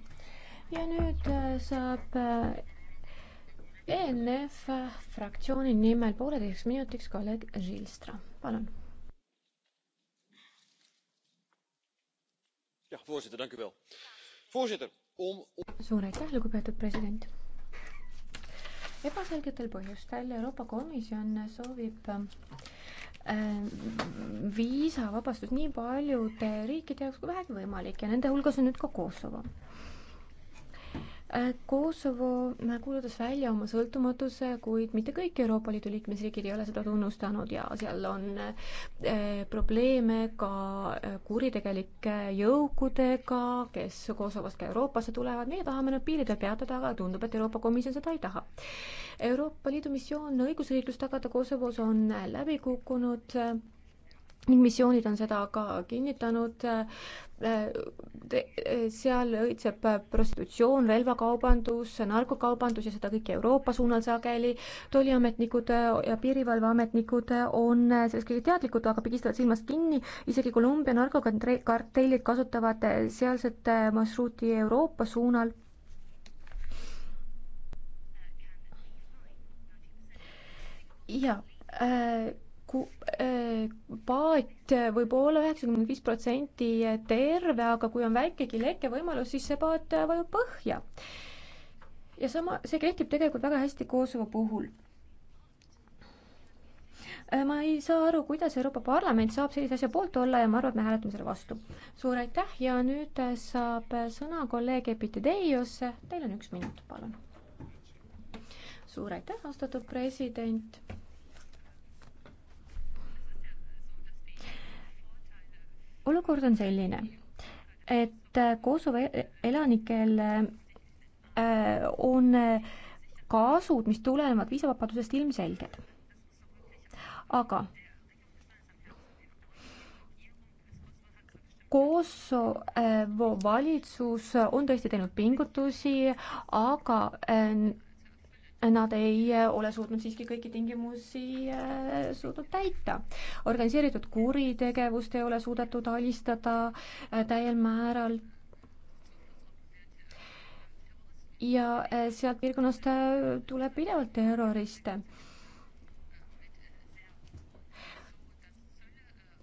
ja nüüd äh, saab äh, ENF fraktsiooni nimel pooleteiseks minutiks kolleeg Žilstra palun. suur aitäh, lugupeetud president. ebaselgetel põhjustel Euroopa Komisjon soovib äh, viisavabastus nii paljude riikide jaoks kui vähegi võimalik ja nende hulgas on nüüd ka Kosovo Äh, Kosovo äh, kuulutas välja oma sõltumatuse, kuid mitte kõik Euroopa Liidu liikmesriigid ei ole seda tunnustanud ja seal on äh, probleeme ka kuritegelike jõukudega, kes Kosovost ka Euroopasse tulevad, meie tahame nad piiridel peatada, aga tundub, et Euroopa Komisjon seda ei taha. Euroopa Liidu missioon õigusriiklust tagada Kosovos on läbi kukkunud ning missioonid on seda ka kinnitanud. seal õitseb prostitutsioon, relvakaubandus, narkokaubandus ja seda kõike Euroopa suunal sageli. tolliametnikud ja piirivalveametnikud on sellest kõige teadlikud, aga pigistavad silmast kinni. isegi Kolumbia narkokartellid kasutavad sealset marsruuti Euroopa suunal ja äh, Äh, paat võib olla üheksakümmend viis protsenti terve, aga kui on väikegi lekkevõimalus, siis see paat vajub põhja. ja sama, see kehtib tegelikult väga hästi Kosovo puhul. Äh, ma ei saa aru, kuidas Euroopa Parlament saab sellise asja poolt olla ja ma arvan, et me hääletame selle vastu. suur aitäh ja nüüd äh, saab sõna kolleeg Epitedeios, teil on üks minut, palun. suur aitäh, austatud president olukord on selline, et Kosovo e-, elanikel äh, on kasud, mis tulenevad viisavabadusest, ilmselged. aga Kosovo äh, valitsus on tõesti teinud pingutusi, aga äh, nad ei äh, ole suutnud siiski kõiki tingimusi äh, suutnud täita. organiseeritud kuritegevust ei ole suudetud alistada äh, täiel määral. ja sealt piirkonnast tuleb pidevalt terroriste.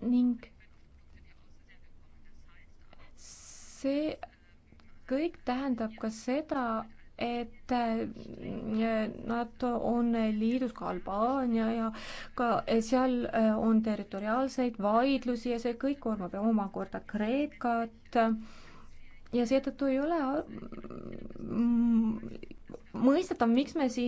ning see kõik tähendab ka seda, et äh, nad on liidus ka Albaania ja ka seal äh, on territoriaalseid vaidlusi ja see kõik koormab omakorda Kreekat ja seetõttu ei ole mm, mõistetav, miks me siin